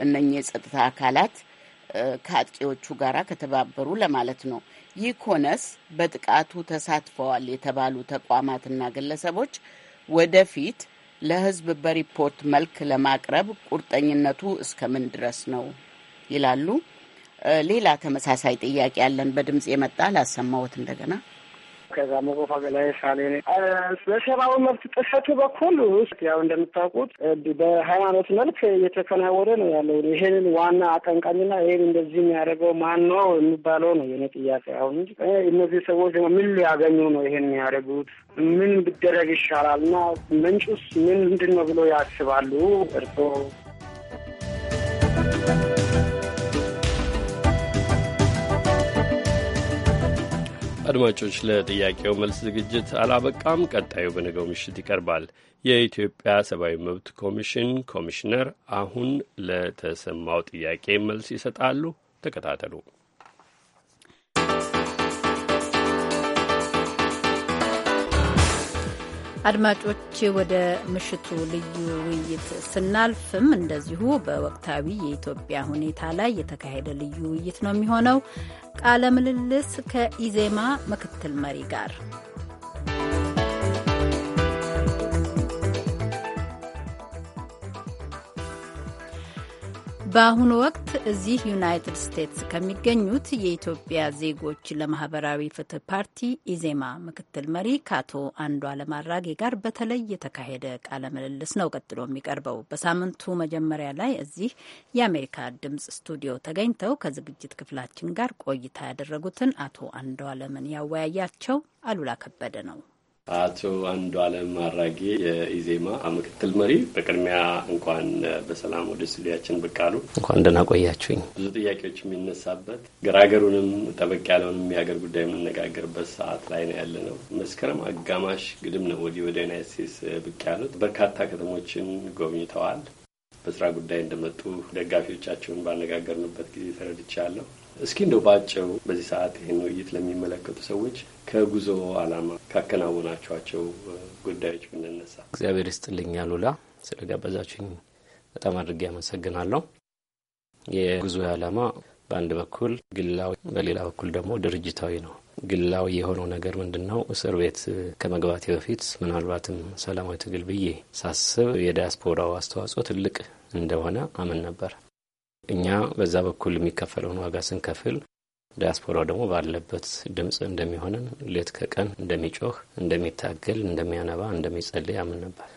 S12: እነኚህ የጸጥታ አካላት ከአጥቂዎቹ ጋር ከተባበሩ ለማለት ነው። ይህ ኮነስ በጥቃቱ ተሳትፈዋል የተባሉ ተቋማትና ግለሰቦች ወደፊት ለህዝብ በሪፖርት መልክ ለማቅረብ ቁርጠኝነቱ እስከምን ድረስ ነው ይላሉ። ሌላ ተመሳሳይ ጥያቄ ያለን በድምጽ የመጣ ላሰማዎት እንደገና
S4: ከዛ መቆፋ በላይ ሳሌ በሰብአዊ መብት ጥሰቱ በኩል ውስጥ ያው እንደምታውቁት በሃይማኖት መልክ እየተከናወነ ነው ያለው። ይሄንን ዋና አቀንቃኝና ይሄን እንደዚህ የሚያደርገው ማን ነው የሚባለው ነው የኔ ጥያቄ። አሁን እንጂ እነዚህ ሰዎች ደግሞ ምን ሊያገኙ ነው ይሄን የሚያደርጉት? ምን ብደረግ ይሻላል እና ምንጩስ ምንድን ነው ብሎ ያስባሉ እርሶ
S3: አድማጮች ለጥያቄው መልስ ዝግጅት አላበቃም። ቀጣዩ በነገው ምሽት ይቀርባል። የኢትዮጵያ ሰብአዊ መብት ኮሚሽን ኮሚሽነር አሁን ለተሰማው ጥያቄ መልስ ይሰጣሉ። ተከታተሉ።
S1: አድማጮች ወደ ምሽቱ ልዩ ውይይት ስናልፍም እንደዚሁ በወቅታዊ የኢትዮጵያ ሁኔታ ላይ የተካሄደ ልዩ ውይይት ነው የሚሆነው። ቃለ ምልልስ ከኢዜማ ምክትል መሪ ጋር በአሁኑ ወቅት እዚህ ዩናይትድ ስቴትስ ከሚገኙት የኢትዮጵያ ዜጎች ለማህበራዊ ፍትህ ፓርቲ ኢዜማ ምክትል መሪ ከአቶ አንዷለም አራጌ ጋር በተለይ የተካሄደ ቃለ ምልልስ ነው ቀጥሎ የሚቀርበው። በሳምንቱ መጀመሪያ ላይ እዚህ የአሜሪካ ድምጽ ስቱዲዮ ተገኝተው ከዝግጅት ክፍላችን ጋር ቆይታ ያደረጉትን አቶ አንዷለምን ያወያያቸው አሉላ ከበደ ነው።
S3: አቶ አንዱ አለም አራጌ የኢዜማ ምክትል መሪ፣ በቅድሚያ እንኳን በሰላም ወደ ስቱዲያችን ብቅ አሉ።
S13: እንኳን ደህና ቆያችሁኝ።
S3: ብዙ ጥያቄዎች የሚነሳበት ገራገሩንም ጠበቅ ያለውንም የሀገር ጉዳይ የምነጋገርበት ሰዓት ላይ ነው ያለ ነው። መስከረም አጋማሽ ግድም ነው ወዲህ ወደ ዩናይት ስቴትስ ብቅ ያሉት። በርካታ ከተሞችን ጎብኝተዋል። በስራ ጉዳይ እንደመጡ ደጋፊዎቻቸውን ባነጋገርንበት ጊዜ ተረድቻለሁ። እስኪ እንደው ባጭሩ በዚህ ሰዓት ይህን ውይይት ለሚመለከቱ ሰዎች ከጉዞ አላማ ካከናወናቸኋቸው ጉዳዮች ብንነሳ።
S13: እግዚአብሔር ይስጥልኝ አሉላ፣ ጋበዛችሁኝ በጣም አድርጌ አመሰግናለሁ። የጉዞ አላማ በአንድ በኩል ግላዊ፣ በሌላ በኩል ደግሞ ድርጅታዊ ነው። ግላዊ የሆነው ነገር ምንድን ነው? እስር ቤት ከመግባቴ በፊት ምናልባትም ሰላማዊ ትግል ብዬ ሳስብ የዲያስፖራው አስተዋጽኦ ትልቅ እንደሆነ አምን ነበር። እኛ በዛ በኩል የሚከፈለውን ዋጋ ስንከፍል ዲያስፖራው ደግሞ ባለበት ድምፅ እንደሚሆንን ሌት ከቀን እንደሚጮህ፣ እንደሚታገል፣ እንደሚያነባ፣ እንደሚጸልይ ያምን ነበር።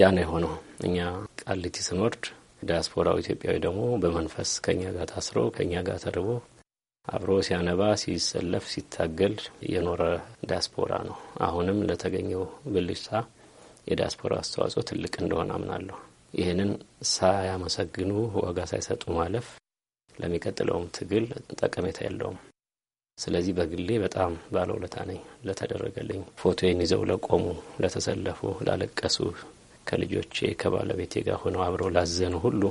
S13: ያ ነው የሆነው። እኛ ቃሊቲ ስንወርድ ዲያስፖራው ኢትዮጵያዊ ደግሞ በመንፈስ ከእኛ ጋር ታስሮ ከእኛ ጋር ተርቦ አብሮ ሲያነባ፣ ሲሰለፍ፣ ሲታገል የኖረ ዲያስፖራ ነው። አሁንም ለተገኘው ብልጭታ የዲያስፖራ አስተዋጽኦ ትልቅ እንደሆነ አምናለሁ። ይህንን ሳያመሰግኑ ዋጋ ሳይሰጡ ማለፍ ለሚቀጥለውም ትግል ጠቀሜታ የለውም። ስለዚህ በግሌ በጣም ባለውለታ ነኝ ለተደረገልኝ። ፎቶዬን ይዘው ለቆሙ፣ ለተሰለፉ፣ ላለቀሱ፣ ከልጆቼ ከባለቤቴ ጋር ሆነው አብረው ላዘኑ ሁሉ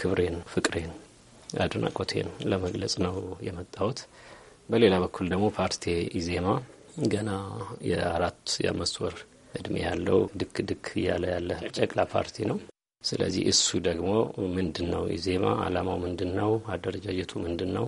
S13: ክብሬን፣ ፍቅሬን፣ አድናቆቴን ለመግለጽ ነው የመጣሁት። በሌላ በኩል ደግሞ ፓርቲ ኢዜማ ገና የአራት የአምስት ወር እድሜ ያለው ድክ ድክ እያለ ያለ ጨቅላ ፓርቲ ነው። ስለዚህ እሱ ደግሞ ምንድን ነው የዜማ አላማው ምንድን ነው፣ አደረጃጀቱ ምንድን ነው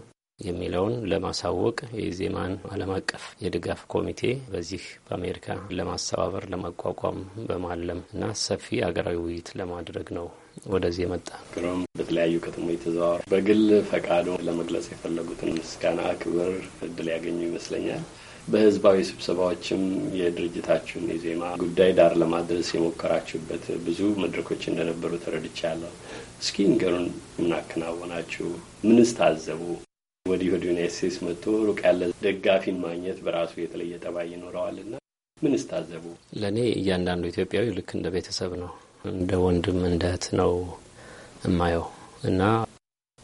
S13: የሚለውን ለማሳወቅ የዜማን ዓለም አቀፍ የድጋፍ ኮሚቴ በዚህ በአሜሪካ ለማስተባበር ለማቋቋም በማለም እና ሰፊ አገራዊ ውይይት ለማድረግ ነው ወደዚህ የመጣ ግሮም በተለያዩ ከተሞች የተዘዋሩ በግል ፈቃዶ ለመግለጽ የፈለጉትን ምስጋና ክብር እድል ያገኙ
S3: ይመስለኛል። በህዝባዊ ስብሰባዎችም የድርጅታችሁን የዜማ ጉዳይ ዳር ለማድረስ የሞከራችሁበት ብዙ መድረኮች እንደነበሩ ተረድቻለሁ። እስኪ እንገሩን፣ ምናከናወናችሁ? ምንስ ታዘቡ? ወዲህ ወደ ዩናይት ስቴትስ መጥቶ ሩቅ ያለ ደጋፊን ማግኘት በራሱ የተለየ ጠባይ ይኖረዋልና ምንስ ታዘቡ?
S13: ለእኔ እያንዳንዱ ኢትዮጵያዊ ልክ እንደ ቤተሰብ ነው። እንደ ወንድም እንደ እህት ነው የማየው እና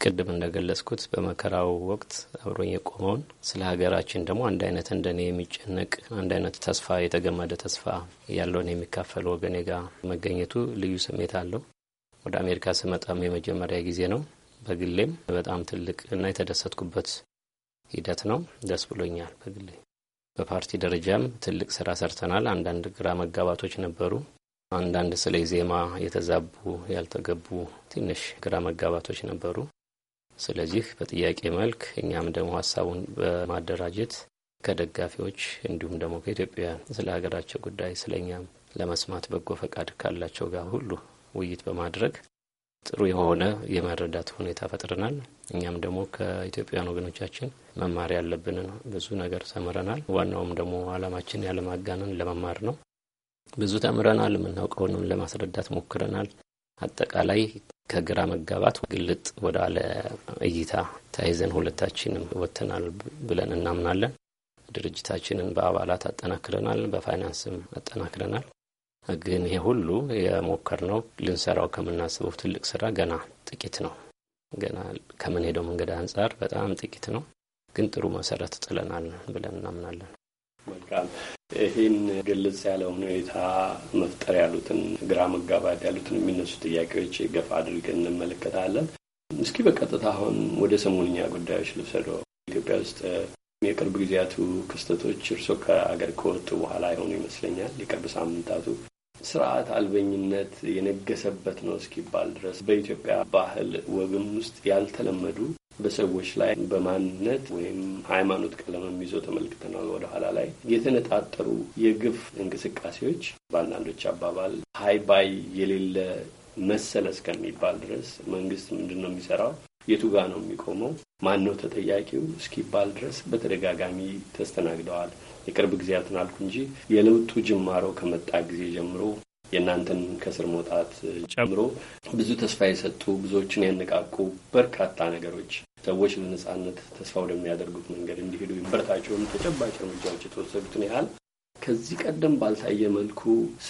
S13: ቅድም እንደገለጽኩት በመከራው ወቅት አብሮኝ የቆመውን ስለ ሀገራችን ደግሞ አንድ አይነት እንደኔ የሚጨነቅ አንድ አይነት ተስፋ የተገመደ ተስፋ ያለውን የሚካፈል ወገኔ ጋር መገኘቱ ልዩ ስሜት አለው። ወደ አሜሪካ ስመጣም የመጀመሪያ ጊዜ ነው። በግሌም በጣም ትልቅ እና የተደሰትኩበት ሂደት ነው። ደስ ብሎኛል። በግሌ በፓርቲ ደረጃም ትልቅ ስራ ሰርተናል። አንዳንድ ግራ መጋባቶች ነበሩ። አንዳንድ ስለ ዜማ የተዛቡ ያልተገቡ ትንሽ ግራ መጋባቶች ነበሩ። ስለዚህ በጥያቄ መልክ እኛም ደግሞ ሀሳቡን በማደራጀት ከደጋፊዎች እንዲሁም ደግሞ ከኢትዮጵያውያን ስለ ሀገራቸው ጉዳይ ስለ እኛም ለመስማት በጎ ፈቃድ ካላቸው ጋር ሁሉ ውይይት በማድረግ ጥሩ የሆነ የመረዳት ሁኔታ ፈጥረናል። እኛም ደግሞ ከኢትዮጵያውያን ወገኖቻችን መማር ያለብንን ብዙ ነገር ሰምረናል። ዋናውም ደግሞ አላማችን ያለማጋነን ለመማር ነው። ብዙ ተምረናል፣ የምናውቀውንም ለማስረዳት ሞክረናል። አጠቃላይ ከግራ መጋባት ግልጥ ወዳለ እይታ ተያይዘን ሁለታችንም ወጥተናል ብለን እናምናለን። ድርጅታችንን በአባላት አጠናክረናል፣ በፋይናንስም አጠናክረናል። ግን ይሄ ሁሉ የሞከርነው ልንሰራው ከምናስበው ትልቅ ስራ ገና ጥቂት ነው። ገና ከምንሄደው መንገድ አንጻር በጣም ጥቂት ነው። ግን ጥሩ መሰረት ጥለናል ብለን እናምናለን።
S3: መልካም ይህን ግልጽ ያለ ሁኔታ መፍጠር ያሉትን ግራ መጋባት ያሉትን የሚነሱ ጥያቄዎች ገፋ አድርገን እንመለከታለን። እስኪ በቀጥታ አሁን ወደ ሰሞንኛ ጉዳዮች ልብሰዶ ኢትዮጵያ ውስጥ የቅርብ ጊዜያቱ ክስተቶች እርስዎ ከአገር ከወጡ በኋላ የሆኑ ይመስለኛል። የቅርብ ሳምንታቱ ስርዓት አልበኝነት የነገሰበት ነው እስኪባል ድረስ በኢትዮጵያ ባህል ወግም ውስጥ ያልተለመዱ በሰዎች ላይ በማንነት ወይም ሃይማኖት ቀለምም ይዞ ተመልክተናል። ወደ ኋላ ላይ የተነጣጠሩ የግፍ እንቅስቃሴዎች በአንዳንዶች አባባል ሀይ ባይ የሌለ መሰለ እስከሚባል ድረስ መንግስት ምንድን ነው የሚሰራው? የቱ ጋ ነው የሚቆመው? ማንነው ተጠያቂው እስኪባል ድረስ በተደጋጋሚ ተስተናግደዋል። የቅርብ ጊዜያትን አልኩ እንጂ የለውጡ ጅማሮ ከመጣ ጊዜ ጀምሮ የእናንተን ከስር መውጣት ጨምሮ ብዙ ተስፋ የሰጡ ብዙዎችን ያነቃቁ በርካታ ነገሮች ሰዎች ለነጻነት ተስፋ ወደሚያደርጉት መንገድ እንዲሄዱ የሚበረታቸውን ተጨባጭ እርምጃዎች የተወሰዱትን ያህል ከዚህ ቀደም ባልታየ መልኩ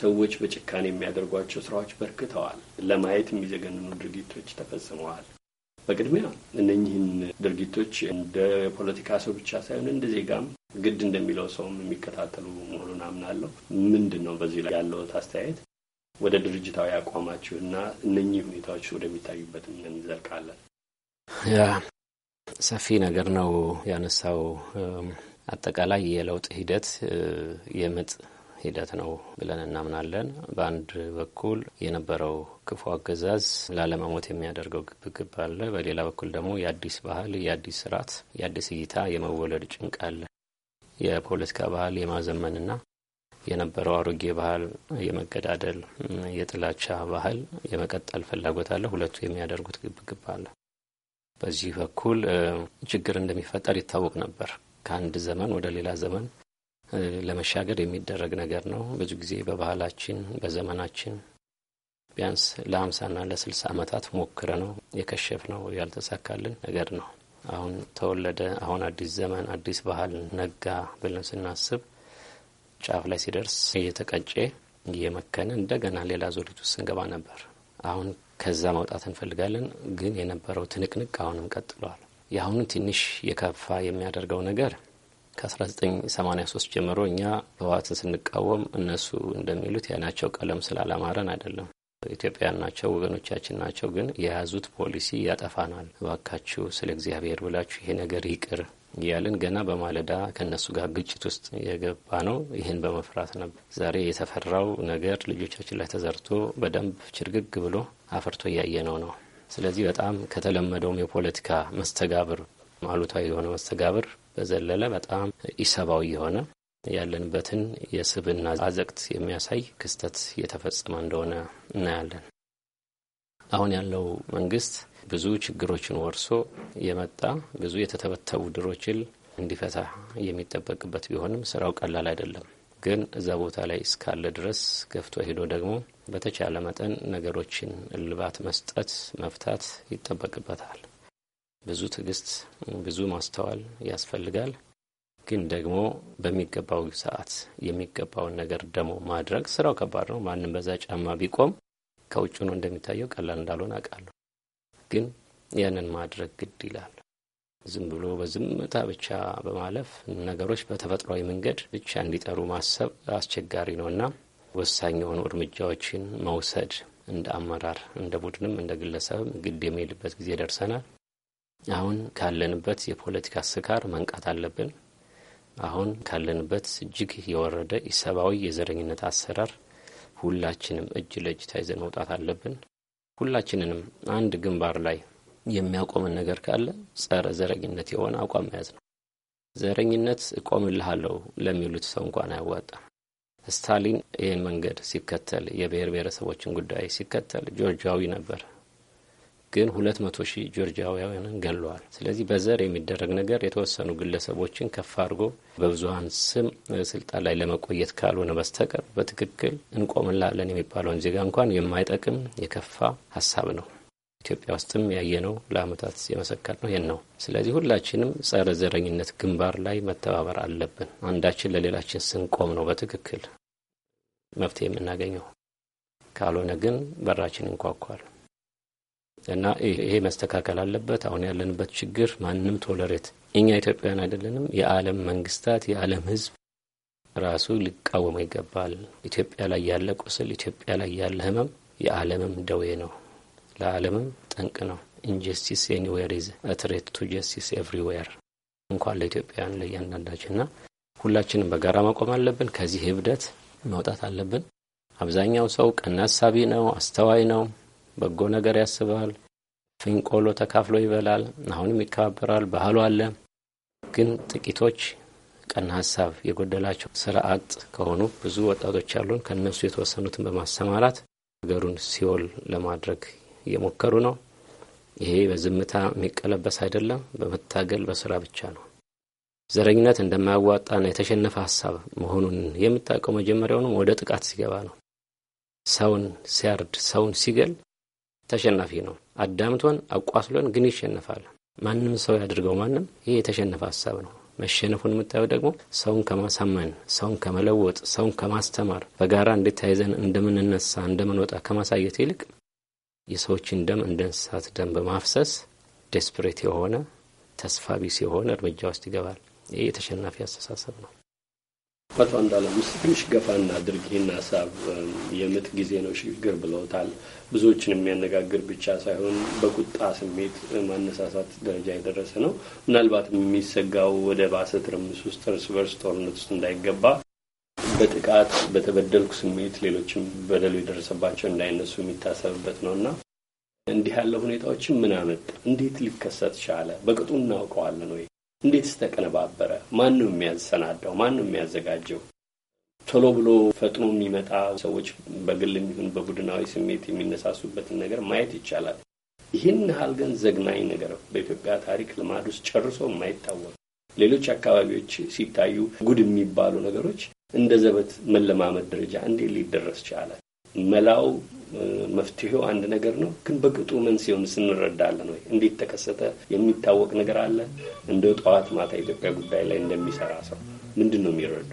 S3: ሰዎች በጭካኔ የሚያደርጓቸው ስራዎች በርክተዋል። ለማየት የሚዘገንኑ ድርጊቶች ተፈጽመዋል። በቅድሚያ እነኚህን ድርጊቶች እንደ ፖለቲካ ሰው ብቻ ሳይሆን እንደ ዜጋም ግድ እንደሚለው ሰውም የሚከታተሉ መሆኑን አምናለሁ። ምንድን ነው በዚህ ላይ ያለውት አስተያየት? ወደ ድርጅታዊ እና እነኚህ ሁኔታዎች ወደሚታዩበት እንዘልቃለን።
S13: ያ ሰፊ ነገር ነው ያነሳው። አጠቃላይ የለውጥ ሂደት የምጥ ሂደት ነው ብለን እናምናለን። በአንድ በኩል የነበረው ክፉ አገዛዝ ላለመሞት የሚያደርገው ግብግብ አለ። በሌላ በኩል ደግሞ የአዲስ ባህል፣ የአዲስ ስርዓት፣ የአዲስ እይታ የመወለድ ጭንቅ አለ። የፖለቲካ ባህል የማዘመንና የነበረው አሮጌ ባህል የመገዳደል የጥላቻ ባህል የመቀጠል ፍላጎት አለ። ሁለቱ የሚያደርጉት ግብግብ አለ። በዚህ በኩል ችግር እንደሚፈጠር ይታወቅ ነበር። ከአንድ ዘመን ወደ ሌላ ዘመን ለመሻገር የሚደረግ ነገር ነው። ብዙ ጊዜ በባህላችን በዘመናችን ቢያንስ ለሀምሳና ለስልሳ ዓመታት ሞክረ ነው የከሸፍ ነው ያልተሳካልን ነገር ነው። አሁን ተወለደ፣ አሁን አዲስ ዘመን አዲስ ባህል ነጋ ብለን ስናስብ ጫፍ ላይ ሲደርስ እየተቀጨ እየመከነ እንደገና ሌላ ዙሪት ውስጥ ስንገባ ነበር። አሁን ከዛ መውጣት እንፈልጋለን፣ ግን የነበረው ትንቅንቅ አሁንም ቀጥሏል። የአሁኑ ትንሽ የከፋ የሚያደርገው ነገር ከ1983 ጀምሮ እኛ ህወሓትን ስንቃወም እነሱ እንደሚሉት የዓይናቸው ቀለም ስላላማረን አይደለም። ኢትዮጵያውያን ናቸው፣ ወገኖቻችን ናቸው። ግን የያዙት ፖሊሲ ያጠፋናል፣ እባካችሁ ስለ እግዚአብሔር ብላችሁ ይሄ ነገር ይቅር እያልን ገና በማለዳ ከነሱ ጋር ግጭት ውስጥ የገባ ነው። ይህን በመፍራት ነበር። ዛሬ የተፈራው ነገር ልጆቻችን ላይ ተዘርቶ በደንብ ችርግግ ብሎ አፈርቶ እያየ ነው ነው። ስለዚህ በጣም ከተለመደውም የፖለቲካ መስተጋብር አሉታዊ የሆነ መስተጋብር በዘለለ በጣም ኢሰባዊ የሆነ ያለንበትን የስብና አዘቅት የሚያሳይ ክስተት እየተፈጸመ እንደሆነ እናያለን። አሁን ያለው መንግስት ብዙ ችግሮችን ወርሶ የመጣ ብዙ የተተበተቡ ድሮችን እንዲፈታ የሚጠበቅበት ቢሆንም ስራው ቀላል አይደለም። ግን እዛ ቦታ ላይ እስካለ ድረስ ገፍቶ ሄዶ ደግሞ በተቻለ መጠን ነገሮችን እልባት መስጠት መፍታት ይጠበቅበታል። ብዙ ትዕግስት፣ ብዙ ማስተዋል ያስፈልጋል። ግን ደግሞ በሚገባው ሰዓት የሚገባውን ነገር ደግሞ ማድረግ ስራው ከባድ ነው። ማንም በዛ ጫማ ቢቆም ከውጭ ነው እንደሚታየው ቀላል እንዳልሆን አውቃለሁ። ግን ያንን ማድረግ ግድ ይላል። ዝም ብሎ በዝምታ ብቻ በማለፍ ነገሮች በተፈጥሯዊ መንገድ ብቻ እንዲጠሩ ማሰብ አስቸጋሪ ነው ና ወሳኝ የሆኑ እርምጃዎችን መውሰድ እንደ አመራር እንደ ቡድንም እንደ ግለሰብም ግድ የሚልበት ጊዜ ደርሰናል። አሁን ካለንበት የፖለቲካ ስካር መንቃት አለብን። አሁን ካለንበት እጅግ የወረደ ኢሰብአዊ የዘረኝነት አሰራር ሁላችንም እጅ ለእጅ ታይዘን መውጣት አለብን። ሁላችንንም አንድ ግንባር ላይ የሚያቆምን ነገር ካለ ጸረ ዘረኝነት የሆነ አቋም መያዝ ነው። ዘረኝነት እቆምልሃለሁ ለሚሉት ሰው እንኳን አያዋጣም። ስታሊን ይህን መንገድ ሲከተል የብሔር ብሔረሰቦችን ጉዳይ ሲከተል ጆርጂያዊ ነበር። ግን ሁለት መቶ ሺህ ጆርጂያውያንን ገድለዋል። ስለዚህ በዘር የሚደረግ ነገር የተወሰኑ ግለሰቦችን ከፍ አድርጎ በብዙሀን ስም ስልጣን ላይ ለመቆየት ካልሆነ በስተቀር በትክክል እንቆምላለን የሚባለውን ዜጋ እንኳን የማይጠቅም የከፋ ሀሳብ ነው። ኢትዮጵያ ውስጥም ያየነው ለአመታት የመሰከር ነው ይህን ነው። ስለዚህ ሁላችንም ጸረ ዘረኝነት ግንባር ላይ መተባበር አለብን። አንዳችን ለሌላችን ስንቆም ነው በትክክል መፍትሄ የምናገኘው። ካልሆነ ግን በራችን እንኳኳል። እና ይሄ መስተካከል አለበት። አሁን ያለንበት ችግር ማንም ቶለሬት እኛ ኢትዮጵያውያን አይደለንም። የዓለም መንግስታት፣ የዓለም ህዝብ ራሱ ሊቃወመው ይገባል። ኢትዮጵያ ላይ ያለ ቁስል፣ ኢትዮጵያ ላይ ያለ ህመም የዓለምም ደዌ ነው፣ ለዓለምም ጠንቅ ነው። ኢንጀስቲስ ኤኒዌር ኢዝ ኤ ትሬት ቱ ጀስቲስ ኤቭሪዌር እንኳን ለኢትዮጵያውያን ና ሁላችንም በጋራ መቆም አለብን። ከዚህ ህብደት መውጣት አለብን። አብዛኛው ሰው ቀና ሳቢ ነው፣ አስተዋይ ነው። በጎ ነገር ያስባል። ፊንቆሎ ተካፍሎ ይበላል። አሁንም ይከባበራል። ባህሉ አለ። ግን ጥቂቶች ቀና ሀሳብ የጎደላቸው ስራ አጥ ከሆኑ ብዙ ወጣቶች አሉን። ከእነሱ የተወሰኑትን በማሰማራት ሀገሩን ሲኦል ለማድረግ እየሞከሩ ነው። ይሄ በዝምታ የሚቀለበስ አይደለም። በመታገል በስራ ብቻ ነው። ዘረኝነት እንደማያዋጣና የተሸነፈ ሀሳብ መሆኑን የምታውቀው መጀመሪያውንም ወደ ጥቃት ሲገባ ነው። ሰውን ሲያርድ፣ ሰውን ሲገል ተሸናፊ ነው። አዳምቶን አቋስሎን ግን ይሸነፋል። ማንም ሰው ያድርገው ማንም፣ ይህ የተሸነፈ ሀሳብ ነው። መሸነፉን የምታየው ደግሞ ሰውን ከማሳመን፣ ሰውን ከመለወጥ፣ ሰውን ከማስተማር፣ በጋራ እንዴት ተያይዘን እንደምንነሳ እንደምንወጣ ከማሳየት ይልቅ የሰዎችን ደም እንደ እንስሳት ደም በማፍሰስ ዴስፕሬት የሆነ ተስፋ ቢስ የሆነ እርምጃ ውስጥ ይገባል። ይህ የተሸናፊ አስተሳሰብ ነው።
S3: አቶ አንዷለም እስኪ ትንሽ ገፋ እናድርግ። ይህን ሀሳብ የምጥ ጊዜ ነው ሽግግር ብለውታል። ብዙዎችን የሚያነጋግር ብቻ ሳይሆን በቁጣ ስሜት ማነሳሳት ደረጃ የደረሰ ነው። ምናልባትም የሚሰጋው ወደ ባሰ ትርምስ ውስጥ እርስ በርስ ጦርነት ውስጥ እንዳይገባ በጥቃት በተበደልኩ ስሜት ሌሎችም በደሉ የደረሰባቸው እንዳይነሱ የሚታሰብበት ነው እና እንዲህ ያለ ሁኔታዎችን ምን አመጣ? እንዴት ሊከሰት ቻለ? በቅጡ እናውቀዋለን ወይ? እንዴትስ ተቀነባበረ? ማን ነው የሚያሰናዳው? ማን ነው የሚያዘጋጀው? ቶሎ ብሎ ፈጥኖ የሚመጣ ሰዎች በግል የሚሆን በቡድናዊ ስሜት የሚነሳሱበትን ነገር ማየት ይቻላል። ይህን ያህል ግን ዘግናኝ ነገር በኢትዮጵያ ታሪክ ልማድ ውስጥ ጨርሶ የማይታወቅ ሌሎች አካባቢዎች ሲታዩ ጉድ የሚባሉ ነገሮች እንደ ዘበት መለማመድ ደረጃ እንዴት ሊደረስ ቻለ? መላው መፍትሄው አንድ ነገር ነው፣ ግን በቅጡ መንስኤውን ስንረዳለን ወይ? እንዴት ተከሰተ የሚታወቅ ነገር አለ? እንደ ጠዋት ማታ ኢትዮጵያ ጉዳይ ላይ እንደሚሰራ ሰው ምንድን ነው የሚረዱት?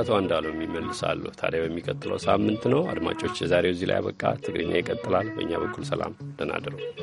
S3: አቶ አንዳሉ የሚመልሳሉ። ታዲያ በሚቀጥለው ሳምንት ነው። አድማጮች፣ የዛሬው እዚህ ላይ አበቃ። ትግርኛ ይቀጥላል። በእኛ በኩል ሰላም፣ ደህና እደሩ።